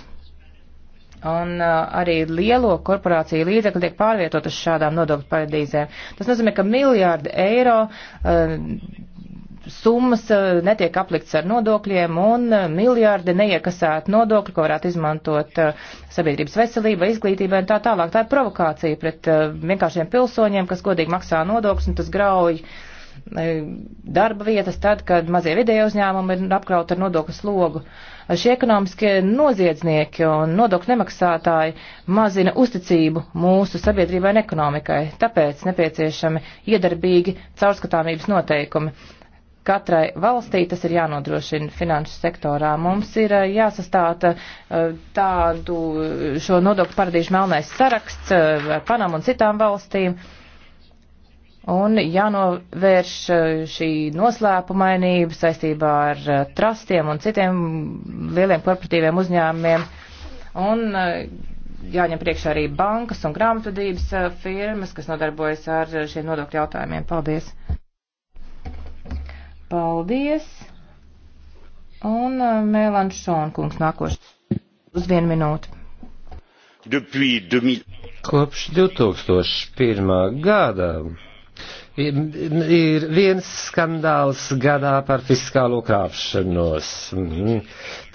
Un uh, arī lielo korporāciju līdzekļi tiek pārvietot uz šādām nodokļu paradīzēm. Tas nozīmē, ka miljārdi eiro uh, summas eh, netiek aplikts ar nodokļiem un eh, miljārdi neiekasēt nodokļu, ko varētu izmantot eh, sabiedrības veselība, izglītība un tā tālāk. Tā ir provokācija pret vienkāršiem pilsoņiem, kas godīgi maksā nodokļus un tas grauj darba vietas tad, kad mazie vidēji uzņēmumi ir apkrauti ar nodokļu slogu. Šie ekonomiskie noziedznieki un nodokļu nemaksātāji mazina uzticību mūsu sabiedrībai un ekonomikai. Tāpēc nepieciešami iedarbīgi caurskatāmības noteikumi. Katrai valstī tas ir jānodrošina finanšu sektorā. Mums ir eh, jāsastāta eh, tādu šo nodokļu paradīžu melnais saraksts eh, ar Panamu un citām valstīm. Un jānovērš šī noslēpumainība saistībā ar trustiem un citiem lieliem korporatīviem uzņēmumiem. Un jāņem priekšā arī bankas un grāmatvedības firmas, kas nodarbojas ar šiem nodokļu jautājumiem. Paldies! Paldies. Un uh, Mēlanšona kungs nākošais uz vienu minūti. Kopš 2001. gadā ir viens skandāls gadā par fiskālo krāpšanos. Mhm.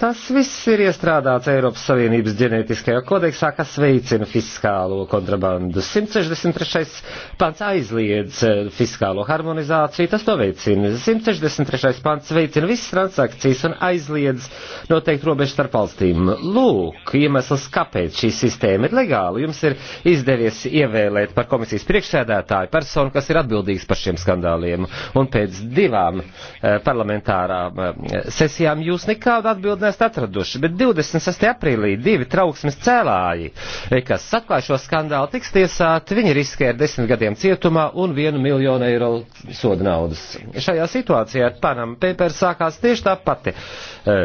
Tas viss ir iestrādāts Eiropas Savienības ģenētiskajā kodeksā, kas veicina fiskālo kontrabandu. 163. pants aizliedz eh, fiskālo harmonizāciju, tas to veicina. 163. pants veicina visas transakcijas un aizliedz noteikti robežu starp valstīm. Lūk, iemesls, kāpēc šī sistēma ir legāla. Jums ir izdevies ievēlēt par komisijas priekšsēdētāju personu, kas ir atbildīga atbildīgs par šiem skandāliem. Un pēc divām eh, parlamentārām eh, sesijām jūs nekādu atbildi nesat atraduši, bet 26. aprīlī divi trauksmes cēlāji, eh, kas atklāja šo skandālu, tiks tiesāti, viņi riskē ar desmit gadiem cietumā un vienu miljonu eiro soda naudas. Šajā situācijā ar Panama Papers sākās tieši tā pati e,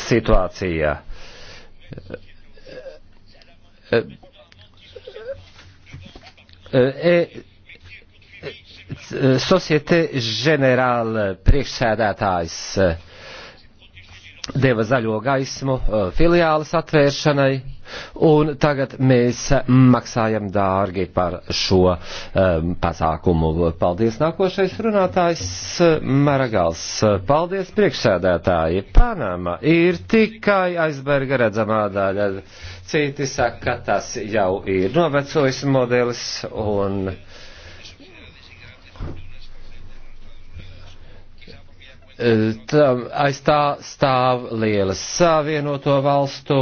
situācija. E, e, Societe ģenerāla priekšsēdētājs deva zaļo gaismu filiāles atvēršanai, un tagad mēs maksājam dārgi par šo um, pasākumu. Paldies, nākošais runātājs Maragals. Paldies, priekšsēdētāji. Panama ir tikai aizberga redzamā daļa. Citi saka, ka tas jau ir novecojis modelis un tam, aiz tā stāv lielas savienoto valstu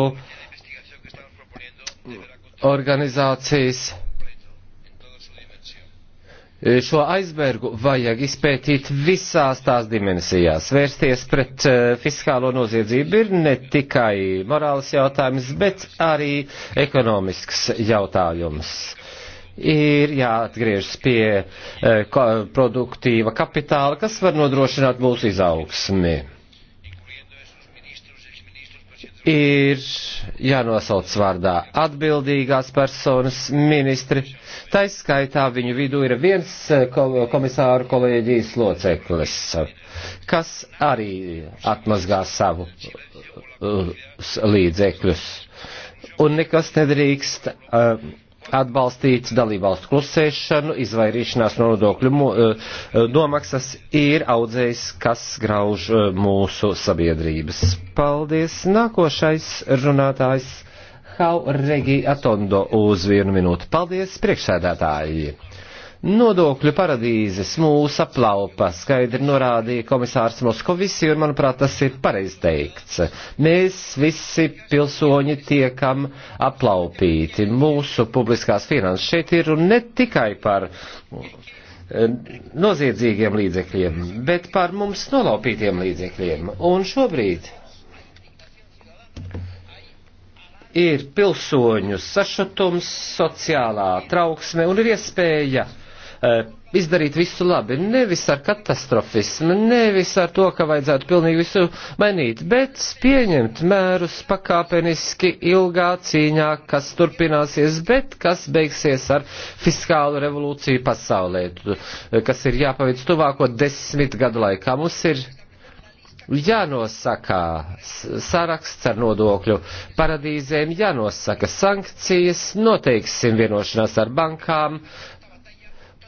organizācijas. Šo aizbergu vajag izpētīt visās tās dimensijās. Vērsties pret eh, fiskālo noziedzību ir ne tikai morāls jautājums, bet arī ekonomisks jautājums ir jāatgriežas pie eh, produktīva kapitāla, kas var nodrošināt mūsu izaugsmi. Ir jānosauc vārdā atbildīgās personas ministri, taiskaitā viņu vidū ir viens eh, komisāru kolēģijas loceklis, kas arī atmazgā savu eh, līdzekļus. Un nekas nedrīkst. Uh, atbalstīt dalībvalstu klusēšanu, izvairīšanās no nodokļu eh, eh, nomaksas ir audzējs, kas grauž eh, mūsu sabiedrības. Paldies! Nākošais runātājs Hau Regi Atondo uz vienu minūti. Paldies, priekšsēdētāji! Nodokļu paradīzes mūs aplaupa, skaidri norādīja komisārs Moskovisi, un, manuprāt, tas ir pareizteikts. Mēs visi pilsoņi tiekam aplaupīti mūsu publiskās finanses. Šeit ir un ne tikai par eh, noziedzīgiem līdzekļiem, bet par mums nolaupītiem līdzekļiem. Un šobrīd ir pilsoņu sašutums, sociālā trauksme un ir iespēja uh, Eh, izdarīt visu labi, nevis ar katastrofismu, nevis ar to, ka vajadzētu pilnīgi visu mainīt, bet pieņemt mērus pakāpeniski ilgā cīņā, kas turpināsies, bet kas beigsies ar fiskālu revolūciju pasaulē, eh, kas ir jāpaveic tuvāko desmit gadu laikā. Mums ir jānosaka saraksts ar nodokļu paradīzēm, jānosaka sankcijas, noteiksim vienošanās ar bankām,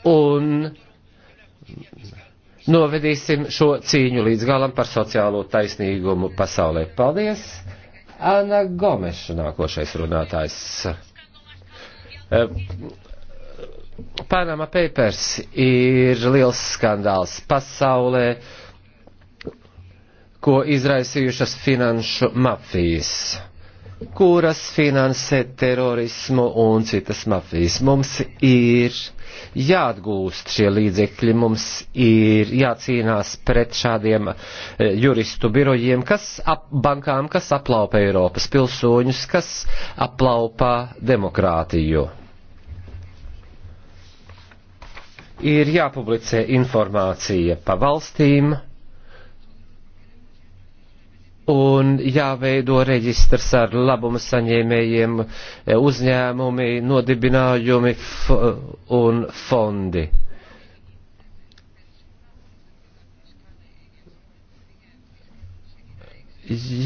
un novedīsim šo cīņu līdz galam par sociālo taisnīgumu pasaulē. Paldies! Ana Gomeša nākošais runātājs. Eh, Panama Papers ir liels skandāls pasaulē, ko izraisījušas finanšu mafijas kuras finansē terorismu un citas mafijas. Mums ir jāatgūst šie līdzekļi, mums ir jācīnās pret šādiem eh, juristu birojiem, kas ap, bankām, kas aplaupa Eiropas pilsoņus, kas aplaupa demokrātiju. Ir jāpublicē informācija pa valstīm, un jāveido reģistrs ar labumu saņēmējiem, e, uzņēmumi, nodibinājumi un fondi.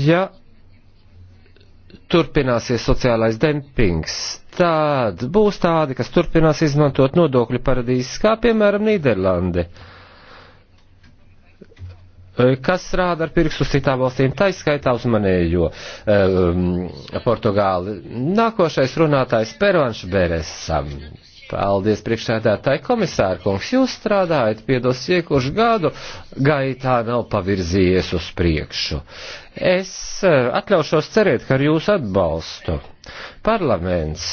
Ja turpināsies sociālais dempings, tad būs tādi, kas turpinās izmantot nodokļu paradīzes, kā piemēram Nīderlande. Uh, Eh, kas rāda ar pirkstu citām valstīm, taiskaitā uz manējo eh, um, Portugāli. Nākošais runātājs Pervanš Beresam. Paldies, priekšsēdētāji komisāri kungs, jūs strādājat pie dosie, kurš gadu gaitā nav pavirzījies uz priekšu. Es eh, atļaušos cerēt, ka ar jūsu atbalstu parlaments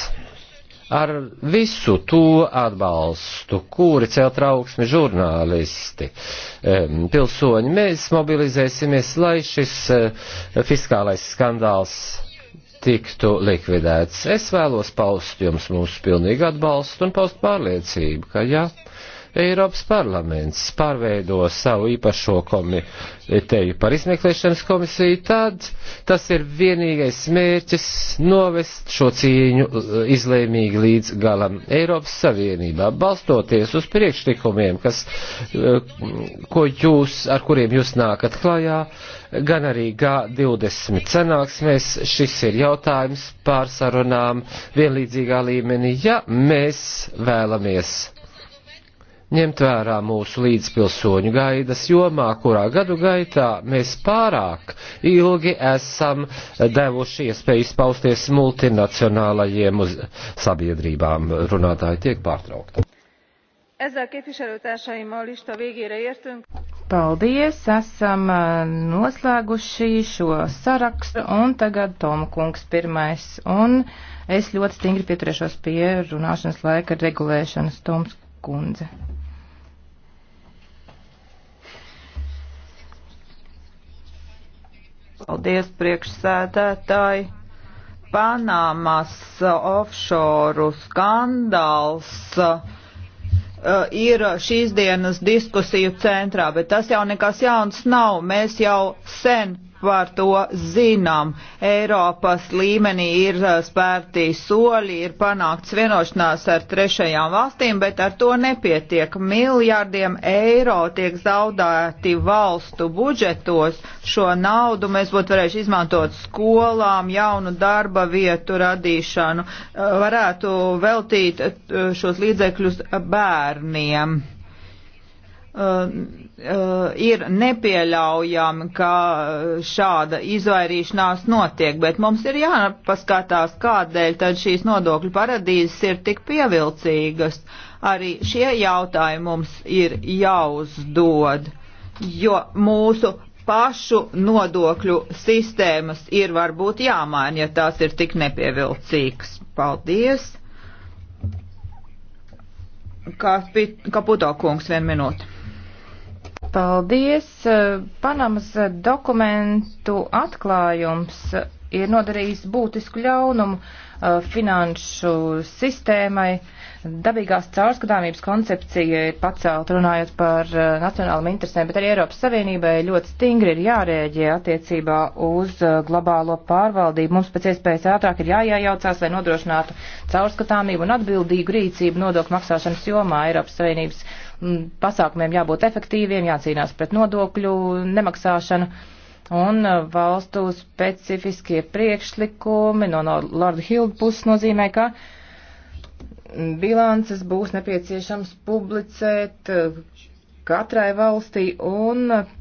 ar visu to atbalstu, kuri cel trauksmi žurnālisti, pilsoņi, mēs mobilizēsimies, lai šis eh, fiskālais skandāls tiktu likvidēts. Es vēlos paust jums mūsu pilnīgu atbalstu un paust pārliecību, ka jā. Ja, Eiropas parlaments pārveido savu īpašo komiteju par izmeklēšanas komisiju, tad tas ir vienīgais mērķis novest šo cīņu eh, izlēmīgi līdz galam Eiropas Savienībā, balstoties uz priekšlikumiem, kas, eh, ko jūs, ar kuriem jūs nākat klajā, gan arī G20 sanāksmēs. Šis ir jautājums pārsarunām vienlīdzīgā līmenī, ja mēs vēlamies ņemt vērā mūsu līdzpilsoņu gaidas jomā, kurā gadu gaitā mēs pārāk ilgi esam devuši iespēju izpausties multinacionālajiem uz sabiedrībām. Runātāji tiek pārtraukti. Paldies, esam eh, noslēguši šo sarakstu un tagad Toma kungs pirmais. Un es ļoti stingri pieturēšos pie runāšanas laika regulēšanas Toms kundze. Paldies, priekšsēdētāji. Panāmas offshore skandāls uh, ir šīs dienas diskusiju centrā, bet tas jau nekas jauns nav. Mēs jau sen par to zinām. Eiropas līmenī ir uh, spērti soļi, ir panākts vienošanās ar trešajām valstīm, bet ar to nepietiek. Miljārdiem eiro tiek zaudēti valstu budžetos. Šo naudu mēs būtu varējuši izmantot skolām, jaunu darba vietu radīšanu, uh, varētu veltīt uh, šos līdzekļus bērniem. Uh, uh, ir nepieļaujami, ka uh, šāda izvairīšanās notiek, bet mums ir jāpaskatās, kādēļ tad šīs nodokļu paradīzes ir tik pievilcīgas. Arī šie jautājumi mums ir jāuzdod, jo mūsu pašu nodokļu sistēmas ir varbūt jāmaina, ja tās ir tik nepievilcīgas. Paldies! Kapit Kaputo kungs, vienu minūti. Paldies! Eh, Panamas dokumentu atklājums ir nodarījis būtisku ļaunumu eh, finanšu sistēmai. Dabīgās caurskatāmības koncepcija ir pacelt runājot par eh, nacionālam interesēm, bet arī Eiropas Savienībai ļoti stingri ir jārēģē attiecībā uz globālo pārvaldību. Mums pēc iespējas ātrāk ir jājājaucās, lai nodrošinātu caurskatāmību un atbildīgu rīcību nodokļu maksāšanas jomā Eiropas Savienības Mm, pasākumiem jābūt efektīviem, jācīnās pret nodokļu nemaksāšanu. Un uh, valstu specifiskie priekšlikumi no, no Lorda Hilda puses nozīmē, ka mm, bilances būs nepieciešams publicēt uh, katrai valstī un uh,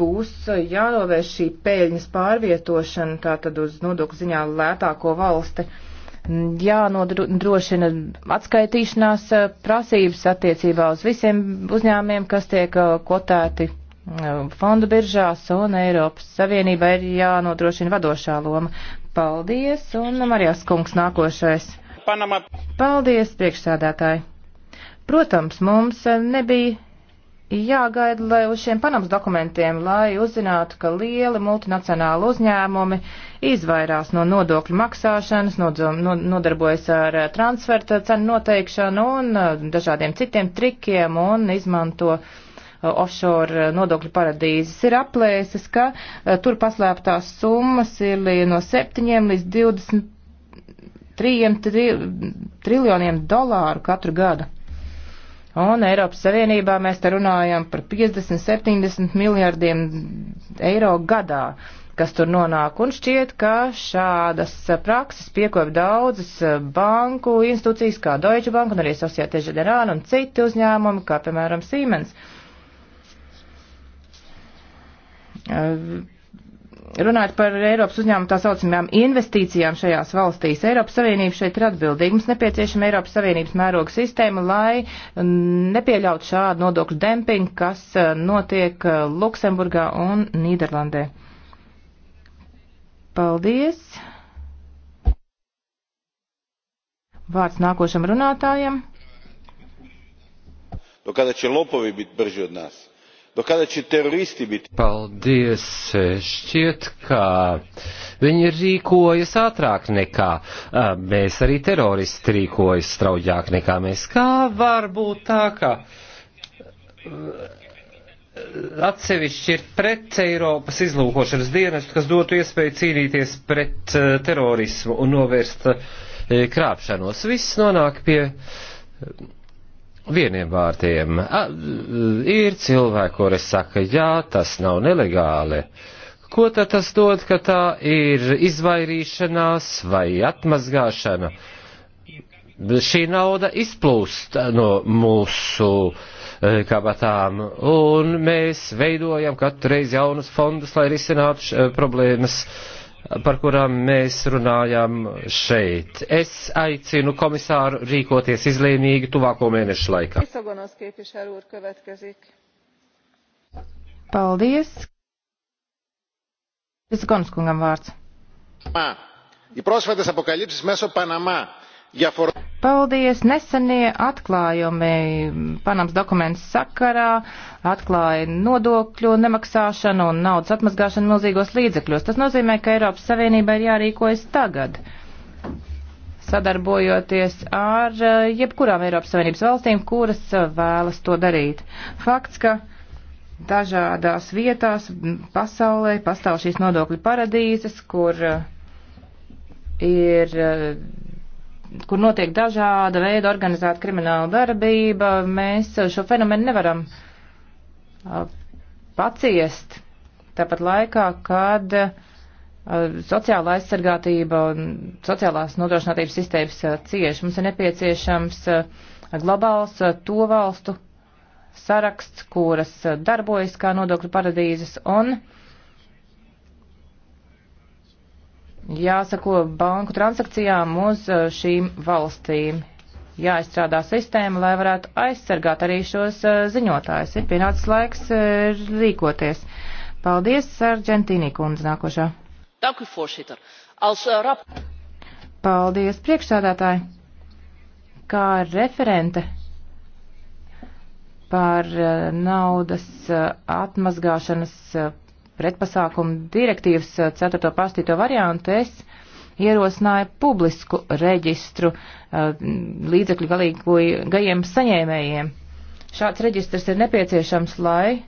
būs jānovērš šī peļņas pārvietošana tātad uz nodokļu ziņā lētāko valsti. Uh, jānodrošina atskaitīšanās eh, prasības attiecībā uz visiem uzņēmiem, kas tiek eh, kotēti eh, fondu biržās un Eiropas Savienībai ir jānodrošina vadošā loma. Paldies, un Marijas kungs nākošais. Panama. Paldies, priekšsādātāji. Protams, mums nebija jāgaida, lai uz šiem Panamas dokumentiem, lai uzzinātu, ka lieli multinacionāli uzņēmumi izvairās no nodokļu maksāšanas, nodarbojas ar eh, transferta cenu noteikšanu un eh, dažādiem citiem trikiem un izmanto eh, offshore nodokļu paradīzes. Ir aplēses, ka tur paslēptās summas ir no 7 līdz 23 triljoniem dolāru katru gadu. Un Eiropas Savienībā mēs te runājam par 50-70 miljardiem eiro gadā, kas tur nonāk. Un šķiet, ka šādas prakses piekop daudzas banku institūcijas, kā Deutsche Bank un arī Societe Generāla un citi uzņēmumi, kā piemēram Siemens. Uh, runājot par Eiropas uzņēmumu tā saucamajām investīcijām šajās valstīs, Eiropas Savienība šeit ir atbildīga. Mums nepieciešama Eiropas Savienības mēroga sistēma, lai nepieļaut šādu nodokļu dempingu, kas e, notiek e, Luksemburgā un Nīderlandē. Paldies! Vārds nākošam runātājam. Do nu, kada će lopovi biti brži od nas? do kada će teroristi biti. Paldies! Šķiet, ka viņi rīkojas ātrāk nekā mēs, arī teroristi rīkojas straujāk nekā mēs. Kā var būt tā, ka atsevišķi ir pret Eiropas izlūkošanas dienestu, kas dotu iespēju cīnīties pret terorismu un novērst krāpšanos. Viss nonāk pie Vieniem vārdiem, a, ir cilvēki, kuri saka, jā, tas nav nelegāli. Ko tad tas dod, ka tā ir izvairīšanās vai atmazgāšana? Šī nauda izplūst no mūsu e, kabatām, un mēs veidojam katru reizi jaunus fondus, lai risinātu e, problēmas. Uh, par kurām mēs runājām šeit. Es aicinu komisāru rīkoties izlēmīgi tuvāko mēnešu laikā. Paldies. Visagonskungam vārds. Οι πρόσφατες αποκαλύψεις μέσω Παναμά Paldies! Nesenie atklājumi Panams dokumentu sakarā atklāja nodokļu nemaksāšanu un naudas atmazgāšanu milzīgos līdzekļos. Tas nozīmē, ka Eiropas Savienībai ir jārīkojas tagad, sadarbojoties ar eh, jebkurām Eiropas Savienības valstīm, kuras eh, vēlas to darīt. Fakts, ka dažādās vietās pasaulē pastāv šīs nodokļu paradīzes, kur eh, ir kur notiek dažāda veida organizēta krimināla darbība, mēs šo fenomenu nevaram paciest. Tāpat laikā, kad sociāla aizsargātība un sociālās nodrošinātības sistēmas cieši, mums ir nepieciešams globāls to valstu saraksts, kuras darbojas kā nodokļu paradīzes un uh, jāsako banku transakcijām uz uh, šīm valstīm. Jāizstrādā sistēma, lai varētu aizsargāt arī šos uh, ziņotājus. Ir pienācis laiks uh, rīkoties. Paldies, Sargentīnī kundze nākošā. Paldies, priekšsādātāji. Kā referente par naudas atmazgāšanas pretpasākumu direktīvas 4. Eh, pastīto variantu es ierosināju publisku reģistru eh, līdzekļu galīgajiem saņēmējiem. Šāds reģistrs ir nepieciešams, lai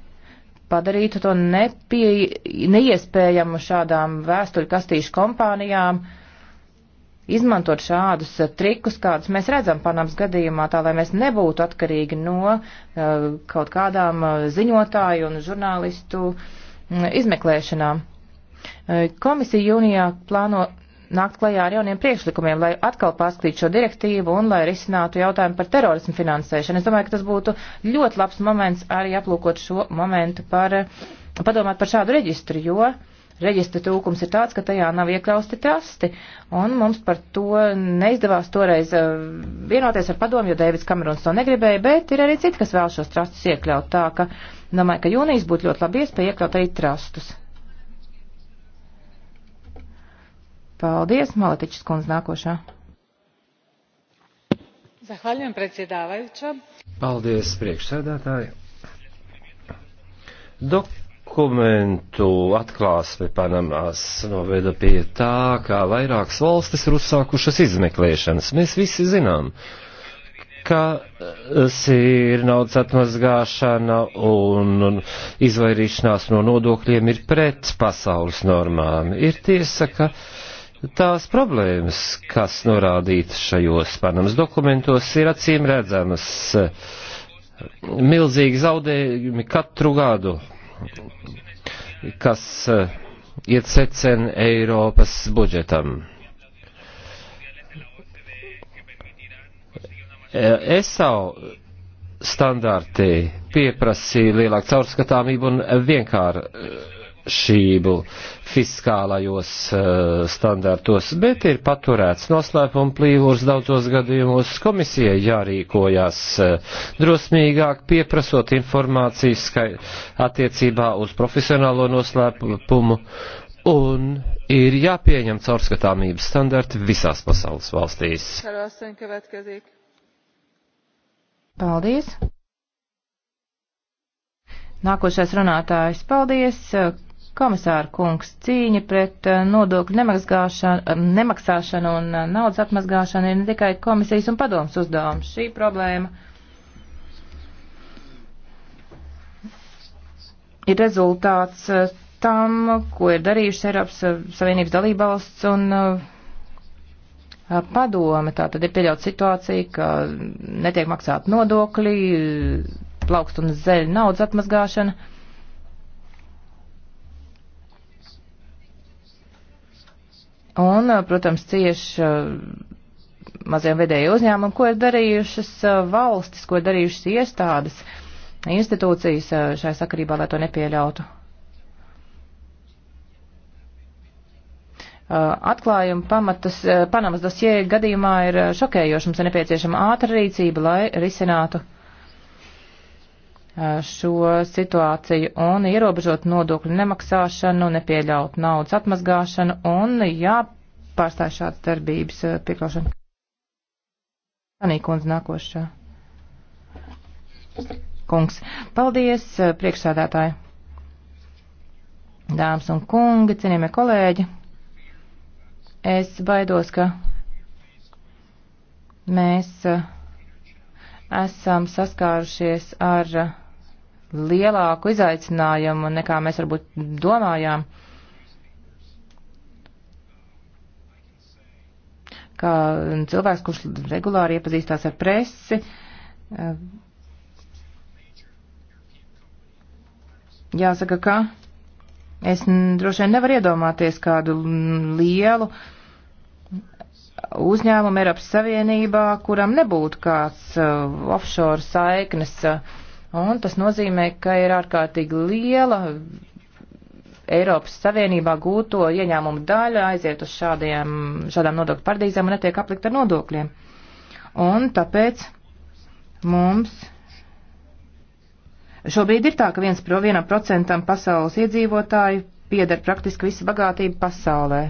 padarītu to nepie, neiespējamu šādām vēstuļu kastīšu kompānijām, izmantot šādus eh, trikus, kādus mēs redzam Panamas gadījumā, tā lai mēs nebūtu atkarīgi no uh, kaut kādām ziņotāju un žurnālistu uh, izmeklēšanām. Komisija jūnijā plāno nākt klajā ar jauniem priekšlikumiem, lai atkal pārskatītu šo direktīvu un lai risinātu jautājumu par terorismu finansēšanu. Es domāju, ka tas būtu ļoti labs moments arī aplūkot šo momentu par, padomāt par šādu reģistru, jo reģistra trūkums ir tāds, ka tajā nav iekļausti testi, un mums par to neizdevās toreiz vienoties ar padomu, jo Dēvids Kamerons to negribēja, bet ir arī citi, kas vēl šos trastus iekļaut tā, ka. Uh, Domāju, ka jūnijas būtu ļoti labi iespēja iekļaut arī trastus. Paldies, Maletičs kundze nākošā. Zahvaljujem predsjedavajuća. Paldies, priekšsēdētāji. Dokumentu atklāsme Panamās noveda pie tā, kā vairākas valstis ir uzsākušas izmeklēšanas. Mēs visi zinām, uh, kas e, ir naudas atmazgāšana un izvairīšanās no nodokļiem ir pret pasaules normām. Ir tiesa, ka tās problēmas, kas norādītas šajos Panamas dokumentos, ir acīm redzamas milzīgi zaudējumi katru gadu, kas e, iet secen Eiropas budžetam. ESAU eh, standārti pieprasīja lielāku caurskatāmību un vienkāršību fiskālajos eh, standartos, bet ir paturēts noslēpuma plīvurs daudzos gadījumos. Komisijai jārīkojās eh, drosmīgāk, pieprasot informāciju attiecībā uz profesionālo noslēpumu un ir jāpieņem caurskatāmības standarti visās pasaules valstīs. Paldies! Nākošais runātājs, paldies! Komisāra kungs, cīņa pret eh, nodokļu eh, nemaksāšanu un eh, naudas atmazgāšanu ir ne tikai komisijas un padomas uzdevums. Šī problēma ir rezultāts tam, ko ir darījušas Eiropas Savienības dalībvalsts un uh, padome. Tā tad ir pieļauta situācija, ka netiek maksāti nodokļi, plaukst un zeļa naudas atmazgāšana. Un, protams, cieši maziem vedēju uzņēmumu, ko ir darījušas valstis, ko ir darījušas iestādes, institūcijas šai sakarībā, lai to nepieļautu. Eh, atklājumi pamatas, eh, Panamas dosie gadījumā ir eh, šokējoši. Mums ir nepieciešama ātra rīcība, lai risinātu šo situāciju un ierobežot nodokļu nemaksāšanu, nepieļaut naudas atmazgāšanu un jāpārstāj šādas darbības piekļaušana. Anīkundze nākošā. Kungs. Paldies, priekšsādātāji. Dāmas un kungi, cienījamie kolēģi. Es baidos, ka mēs eh, esam saskārušies ar eh, lielāku izaicinājumu nekā mēs varbūt domājām. Kā cilvēks, kurš regulāri iepazīstās ar presi, eh, jāsaka, ka es droši vien nevaru iedomāties kādu lielu uh, uzņēmumu Eiropas Savienībā, kuram nebūtu kāds uh, offshore saiknes, uh, un tas nozīmē, ka ir ārkārtīgi liela Eiropas Savienībā gūto ieņēmumu daļa aiziet uz šādiem, šādām nodokļu pardīzēm un netiek aplikt ar nodokļiem. Un tāpēc mums šobrīd ir tā, ka viens pro vienam procentam pasaules iedzīvotāju pieder praktiski visa bagātība pasaulē.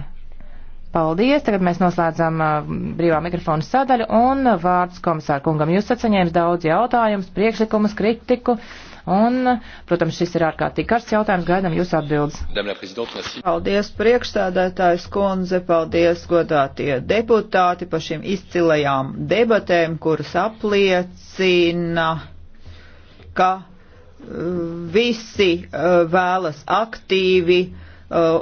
Paldies! Tagad mēs noslēdzam uh, brīvā mikrofona sadaļu un vārds komisāra kungam. Jūs saceņējums daudz jautājumus, priekšlikumus, kritiku. Un, protams, šis ir ārkārtīgi karsts jautājums, gaidām jūs atbildes. Paldies priekšsēdētājs kundze, paldies godātie deputāti par šīm izcilajām debatēm, kuras apliecina, ka uh, visi uh, vēlas aktīvi Uh,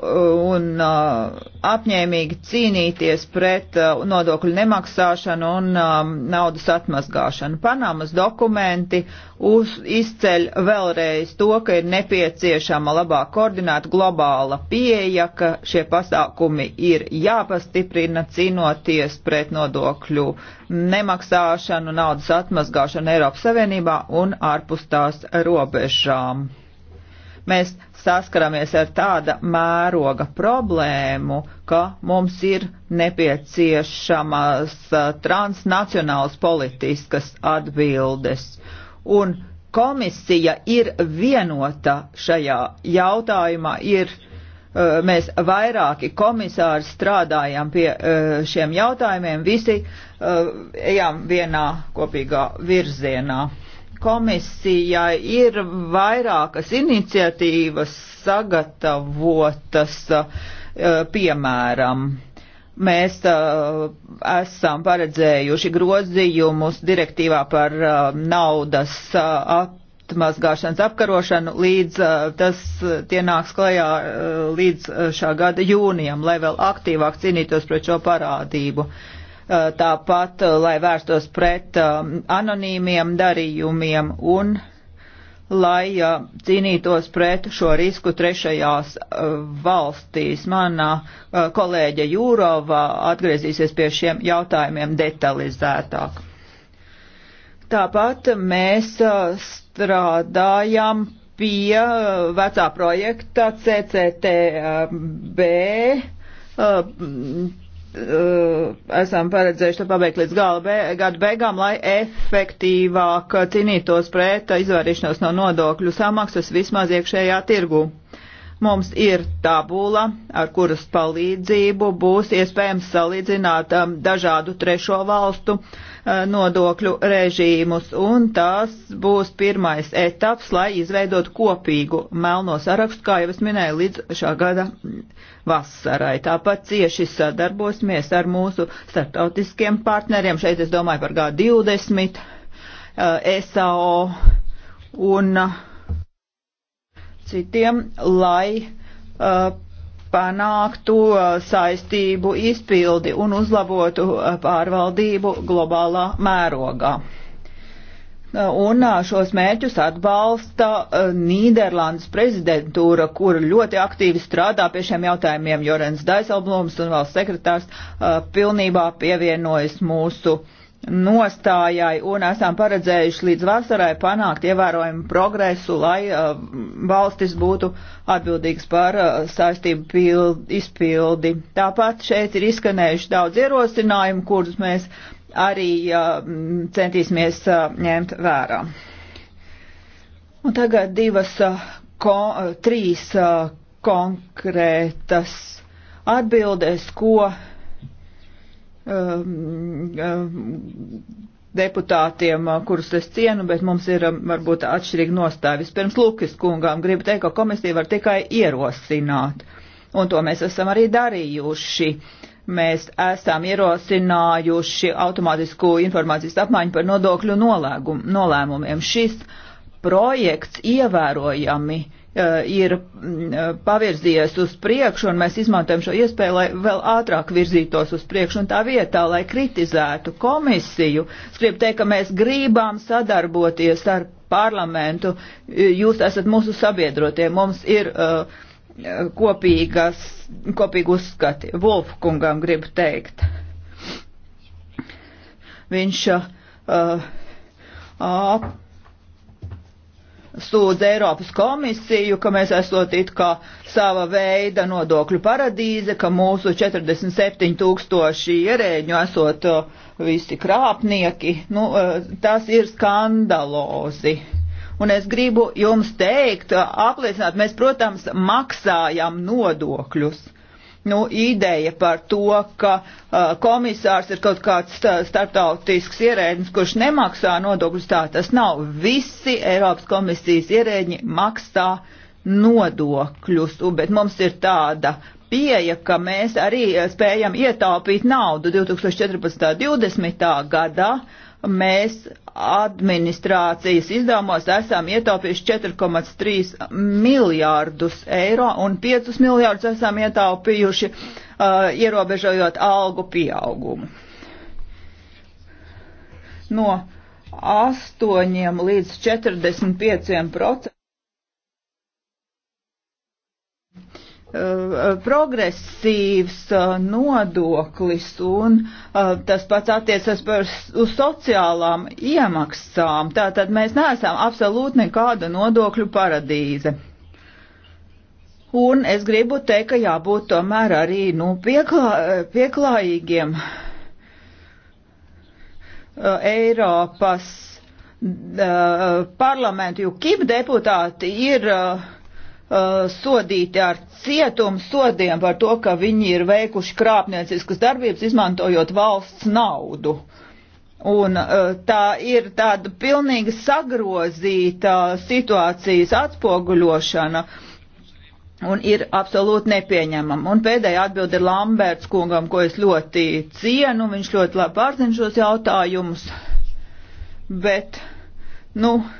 un uh, apņēmīgi cīnīties pret uh, nodokļu nemaksāšanu un um, naudas atmazgāšanu. Panamas dokumenti uz, izceļ vēlreiz to, ka ir nepieciešama labāk koordinēta globāla pieeja, ka šie pasākumi ir jāpastiprina cīnoties pret nodokļu nemaksāšanu, naudas atmazgāšanu Eiropas Savienībā un ārpus tās robežām. Mēs saskaramies ar tāda mēroga problēmu, ka mums ir nepieciešamas transnacionāls politiskas atbildes. Un komisija ir vienota šajā jautājumā, ir mēs vairāki komisāri strādājām pie šiem jautājumiem, visi ejam vienā kopīgā virzienā komisijai ir vairākas iniciatīvas sagatavotas, uh, piemēram, mēs uh, esam paredzējuši grozījumus direktīvā par uh, naudas uh, atmazgāšanas apkarošanu līdz uh, tas uh, tie nāks klajā līdz šā gada jūnijam, lai vēl aktīvāk cīnītos pret šo parādību. Uh, Eh, tāpat, eh, lai vērstos pret eh, anonīmiem darījumiem un lai cīnītos pret šo risku trešajās valstīs. Manā kolēģe Jūrova atgriezīsies pie šiem jautājumiem detalizētāk. Tāpat mēs strādājam pie vecā projekta CCTB Uh, esam paredzējuši to pabeigt līdz gala be, gada beigām, lai efektīvāk cīnītos pret izvairīšanos no nodokļu samaksas vismaz iekšējā tirgu. Mums ir tabula, ar kuras palīdzību būs iespējams salīdzināt um, dažādu trešo valstu uh, Eh, nodokļu režīmus, un tas būs pirmais etaps, lai izveidot kopīgu melno sarakstu, kā jau es minēju, līdz šā gada vasarai. Tāpat cieši sadarbosimies ar mūsu starptautiskiem partneriem, šeit es domāju par G20, eh, SAO un eh, citiem, lai panāktu saistību izpildi un uzlabotu eh, pārvaldību globālā mērogā. Un eh, šos mērķus atbalsta eh, Nīderlandes prezidentūra, kur ļoti aktīvi strādā pie šiem jautājumiem. Jorens Daiselblums un valsts sekretārs pilnībā pievienojas mūsu uh, nostājai un esam paredzējuši līdz vasarai panākt ievērojumu progresu, lai uh, valstis būtu atbildīgas par uh, saistību pild, izpildi. Tāpat šeit ir izskanējuši daudz ierosinājumu, kurus mēs arī uh, centīsimies uh, ņemt vērā. Un tagad divas, uh, ko, uh, trīs uh, konkrētas atbildes, ko uh, Um, um, deputātiem, uh, kurus es cienu, bet mums ir um, varbūt atšķirīga nostāja. Vispirms Lukas kungām gribu teikt, ka komisija var tikai ierosināt, un to mēs esam arī darījuši. Mēs esam ierosinājuši automātisku informācijas apmaiņu par nodokļu nolēgum, nolēmumiem. Šis projekts ievērojami uh, Eh, ir mm, eh, pavirzījies uz priekšu, un mēs izmantojam šo iespēju, lai vēl ātrāk virzītos uz priekšu, un tā vietā, lai kritizētu komisiju, es gribu teikt, ka mēs gribam sadarboties ar parlamentu, eh, jūs esat mūsu sabiedrotie, mums ir uh, kopīgas, kopīgi uzskati. Volfkungam gribu teikt. Viņš uh, ap, sūdz Eiropas komisiju, ka mēs esot it kā sava veida nodokļu paradīze, ka mūsu 47 tūkstoši ierēģu esot uh, visi krāpnieki. Nu, uh, tas ir skandalozi. Un es gribu jums teikt, uh, apliecināt, mēs, protams, maksājam nodokļus nu, ideja par to, ka uh, komisārs ir kaut kāds starptautisks ierēdnis, kurš nemaksā nodokļus, tā tas nav. Visi Eiropas komisijas ierēģi maksā nodokļus, bet mums ir tāda pieeja, ka mēs arī uh, spējam ietaupīt naudu 2014. 20. gadā. Mēs administrācijas izdevumos esam ietaupījuši 4,3 miljārdus eiro un 5 miljārdus esam ietaupījuši uh, ierobežojot algu pieaugumu. No 8 līdz 45 procentiem. Uh, progresīvs uh, nodoklis un uh, tas pats attiecas par, uz sociālām iemaksām. Tātad mēs neesam absolūti nekāda nodokļu paradīze. Un es gribu teikt, ka jābūt tomēr arī nu, pieklā, pieklājīgiem Eiropas parlamentu, jo KIP deputāti ir uh, Uh, sodīti ar cietumu sodiem par to, ka viņi ir veikuši krāpnieciskas darbības, izmantojot valsts naudu. Un uh, tā ir tāda pilnīgi sagrozīta situācijas atspoguļošana un ir absolūti nepieņemama. Un pēdējā atbilde ir Lamberts kungam, ko es ļoti cienu, viņš ļoti labi pārzina šos jautājumus, bet, nu, uh,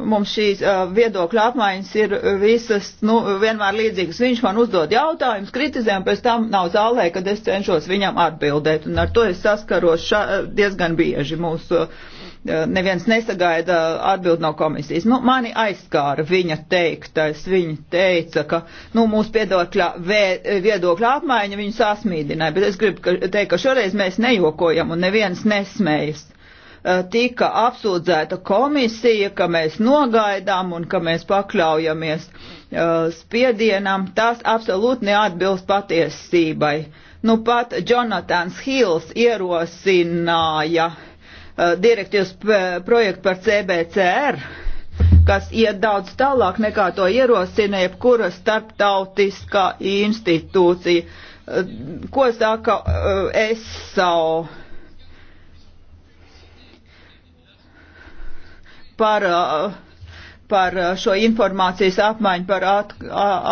mums šīs uh, viedokļa apmaiņas ir uh, visas nu, vienmēr līdzīgas. Viņš man uzdod jautājumus, kritizē, un pēc tam nav zālē, kad es cenšos viņam atbildēt. Un ar to es saskaros ša, uh, diezgan bieži. Mūsu uh, uh, neviens nesagaida atbild no komisijas. Nu, mani aizskāra viņa teiktais. Viņa teica, ka nu, mūsu viedokļa, vē, viedokļa apmaiņa viņu sasmīdināja, bet es gribu ka, teikt, ka šoreiz mēs nejokojam un neviens nesmējas. Uh, Eh, tika apsūdzēta komisija, ka mēs nogaidām un ka mēs pakļaujamies eh, spiedienam, tas absolūti neatbilst patiesībai. Nu pat Jonatans Hills ierosināja eh, direktīvas projektu par CBCR, kas iet daudz tālāk nekā to ierosina jebkura starptautiskā institūcija. Ko saka SAO? par, eh, par eh, šo informācijas apmaiņu, par at,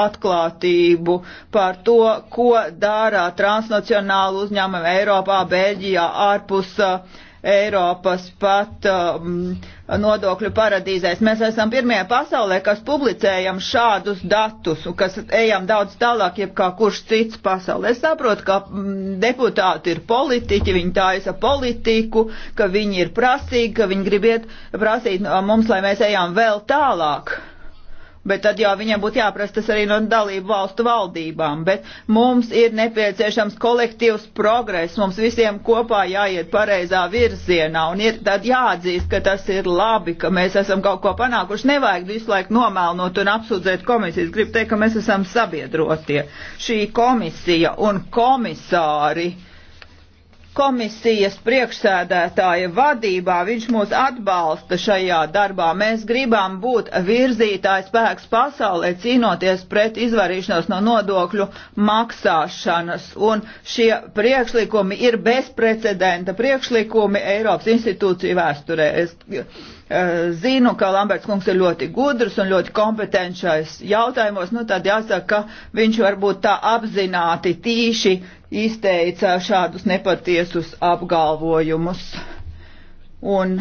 atklātību, par to, ko dara transnacionāli uzņēmumi Eiropā, Beļģijā, ārpus uh, Eiropas pat um, nodokļu paradīzēs. Mēs esam pirmie pasaulē, kas publicējam šādus datus un kas ejam daudz tālāk, jeb kā kurš cits pasaulē. Es saprotu, ka mm, deputāti ir politiķi, viņi taisa politiku, ka viņi ir prasīgi, ka viņi grib iet prasīt mums, lai mēs ejam vēl tālāk. Bet tad jau viņiem būtu jāprasa tas arī no dalību valstu valdībām. Bet mums ir nepieciešams kolektīvs progress, mums visiem kopā jāiet pareizā virzienā un ir tad jāatzīst, ka tas ir labi, ka mēs esam kaut ko panākuši. Nevajag visu laiku nomēlnot un apsūdzēt komisijas. Gribu teikt, ka mēs esam sabiedrotie. Šī komisija un komisāri komisijas priekšsēdētāja vadībā viņš mūs atbalsta šajā darbā. Mēs gribam būt virzītājs spēks pasaulē, cīnoties pret izvarīšanos no nodokļu maksāšanas. Un šie priekšlikumi ir bezprecedenta priekšlikumi Eiropas institūciju vēsturē. Es eh, zinu, ka Lamberts kungs ir ļoti gudrs un ļoti kompetenšais jautājumos, nu tad jāsaka, ka viņš varbūt tā apzināti tīši izteica šādus nepatiesus apgalvojumus. Un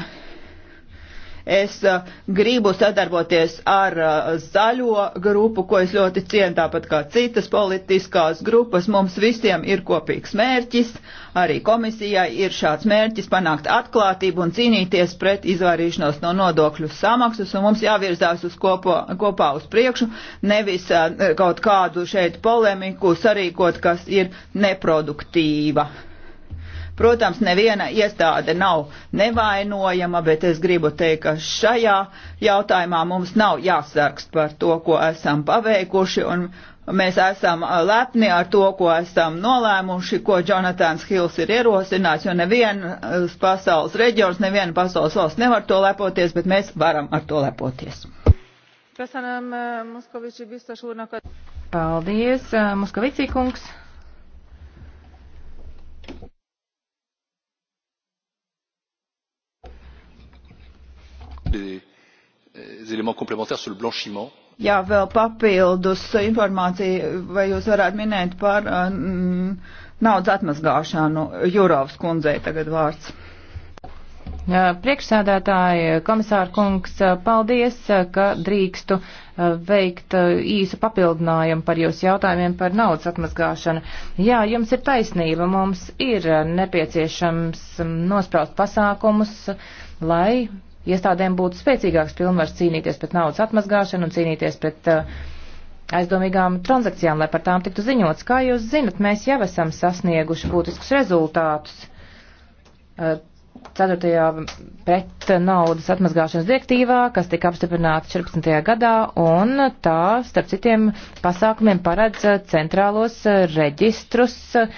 Es uh, gribu sadarboties ar uh, zaļo grupu, ko es ļoti cienu, tāpat kā citas politiskās grupas. Mums visiem ir kopīgs mērķis, arī komisijai ir šāds mērķis panākt atklātību un cīnīties pret izvairīšanos no nodokļu samaksas, un mums jāvirzās uz kopo, kopā uz priekšu, nevis uh, kaut kādu šeit polemiku sarīkot, kas ir neproduktīva. Protams, neviena iestāde nav nevainojama, bet es gribu teikt, ka šajā jautājumā mums nav jāsargst par to, ko esam paveikuši, un mēs esam uh, lepni ar to, ko esam nolēmuši, ko Jonatans Hills ir ierosinājis, jo nevienas uh, pasaules reģions, neviena pasaules valsts nevar to lepoties, bet mēs varam ar to lepoties. Uh, Paldies, Muskavicī kungs. des euh, éléments complémentaires sur le blanchiment. Jā, vēl papildus informāciju, vai jūs varētu minēt par mm, naudas atmazgāšanu. Jurovs kundzei tagad vārds. Priekšsēdētāji, komisāra kungs, uh, paldies, uh, ka drīkstu veikt īsu papildinājumu par jūsu jautājumiem par naudas atmazgāšanu. Jā, jums ir taisnība, mums ir nepieciešams mm, nospraust pasākumus, lai iestādēm būtu spēcīgāks pilnvars cīnīties pret naudas atmazgāšanu un cīnīties pret uh, aizdomīgām transakcijām, lai par tām tiktu ziņots. Kā jūs zinat, mēs jau esam sasnieguši būtiskus rezultātus. Uh, ceturtajā pret naudas atmazgāšanas direktīvā, kas tika apstiprināta 14. gadā, un tā, starp citiem pasākumiem, paredz uh, centrālos uh, reģistrus, uh,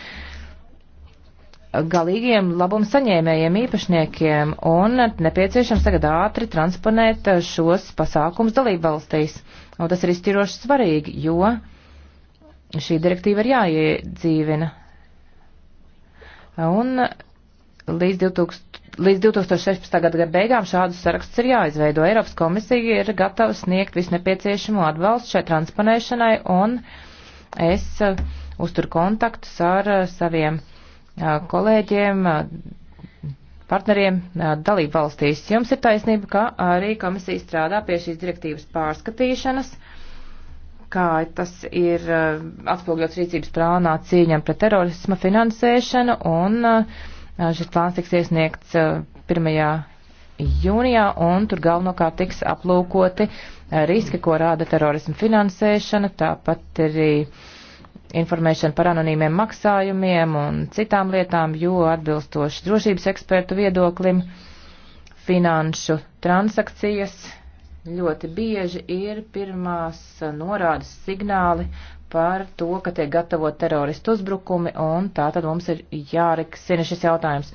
galīgiem labuma saņēmējiem, īpašniekiem, un nepieciešams tagad ātri transponēt šos pasākums dalību valstīs. Un tas ir izšķiroši svarīgi, jo šī direktīva ir jāiedzīvina. Un līdz 2000 līdz 2016. gada beigām šādus sarakstus ir jāizveido. Eiropas komisija ir gatava sniegt visnepieciešamo atbalstu šai transponēšanai, un es uzturu kontaktus ar saviem kolēģiem, partneriem dalību valstīs. Jums ir taisnība, ka arī komisija strādā pie šīs direktīvas pārskatīšanas, kā tas ir atspūgļots rīcības plānā cīņam pret terorisma finansēšanu, un šis plāns tiks iesniegts 1. jūnijā, un tur galvenokārt tiks aplūkoti riski, ko rāda terorisma finansēšana, tāpat arī. Uh, informēšanu par anonīmiem maksājumiem un citām lietām, jo atbilstoši drošības ekspertu viedoklim finanšu transakcijas ļoti bieži ir pirmās norādes signāli par to, ka tiek gatavot teroristu uzbrukumi, un tā tad mums ir jāriksina šis jautājums.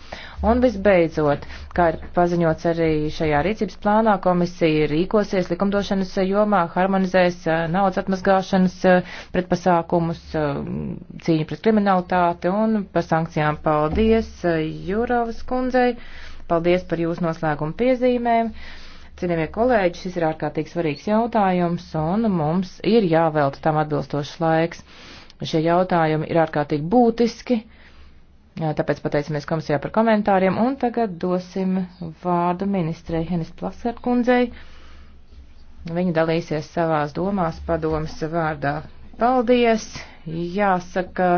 Un visbeidzot, kā ir paziņots arī šajā rīcības plānā, komisija rīkosies likumdošanas jomā, harmonizēs eh, naudas atmazgāšanas eh, pretpasākumus, eh, cīņu pret kriminalitāti un par sankcijām. Paldies Jurovas kundzei, paldies par jūsu noslēgumu piezīmēm. Cienījamie kolēģi, šis ir ārkārtīgi svarīgs jautājums, un mums ir jāvelta tam atbilstošs laiks. Šie jautājumi ir ārkārtīgi būtiski, tāpēc pateicamies komisijā par komentāriem, un tagad dosim vārdu ministrei Henis Plaser kundzei. Viņa dalīsies savās domās padomas vārdā. Paldies! Jāsaka,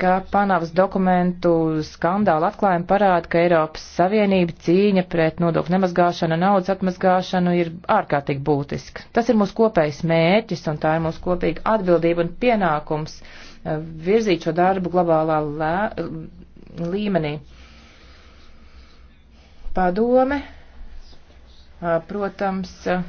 ka Panavas dokumentu skandāla atklājumi parāda, ka Eiropas Savienība cīņa pret nodokļu nemazgāšanu un naudas atmazgāšanu ir ārkārtīgi būtiska. Tas ir mūsu kopējs mērķis un tā ir mūsu kopīga atbildība un pienākums eh, virzīt šo darbu globālā lē, līmenī. Padome, eh, protams, eh,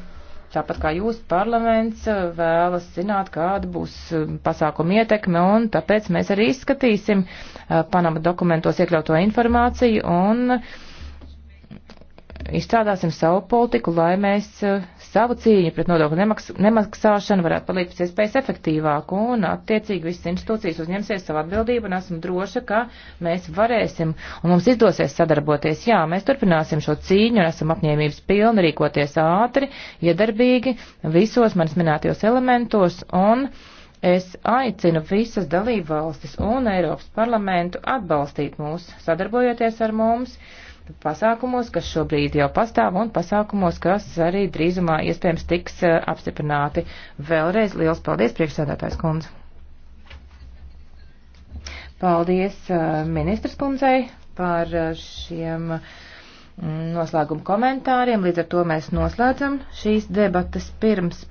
Tāpat kā jūs, parlaments eh, vēlas zināt, kāda būs eh, pasākuma ietekme, un tāpēc mēs arī izskatīsim eh, Panama dokumentos iekļauto informāciju un izstrādāsim savu politiku, lai mēs savu cīņu pret nodokļu nemaksāšanu varētu palikt pēc iespējas efektīvāku un attiecīgi visas institūcijas uzņemsies savu atbildību un esmu droša, ka mēs varēsim un mums izdosies sadarboties. Jā, mēs turpināsim šo cīņu un esam apņēmības pilni rīkoties ātri, iedarbīgi visos manis minētajos elementos un Es aicinu visas dalībvalstis un Eiropas parlamentu atbalstīt mūs, sadarbojoties ar mums pasākumos, kas šobrīd jau pastāv, un pasākumos, kas arī drīzumā iespējams tiks eh, apstiprināti. Vēlreiz liels paldies, priekšsēdētājs kundze. Paldies eh, ministrs kundzei par eh, šiem mm, noslēguma komentāriem. Līdz ar to mēs noslēdzam šīs debatas pirms.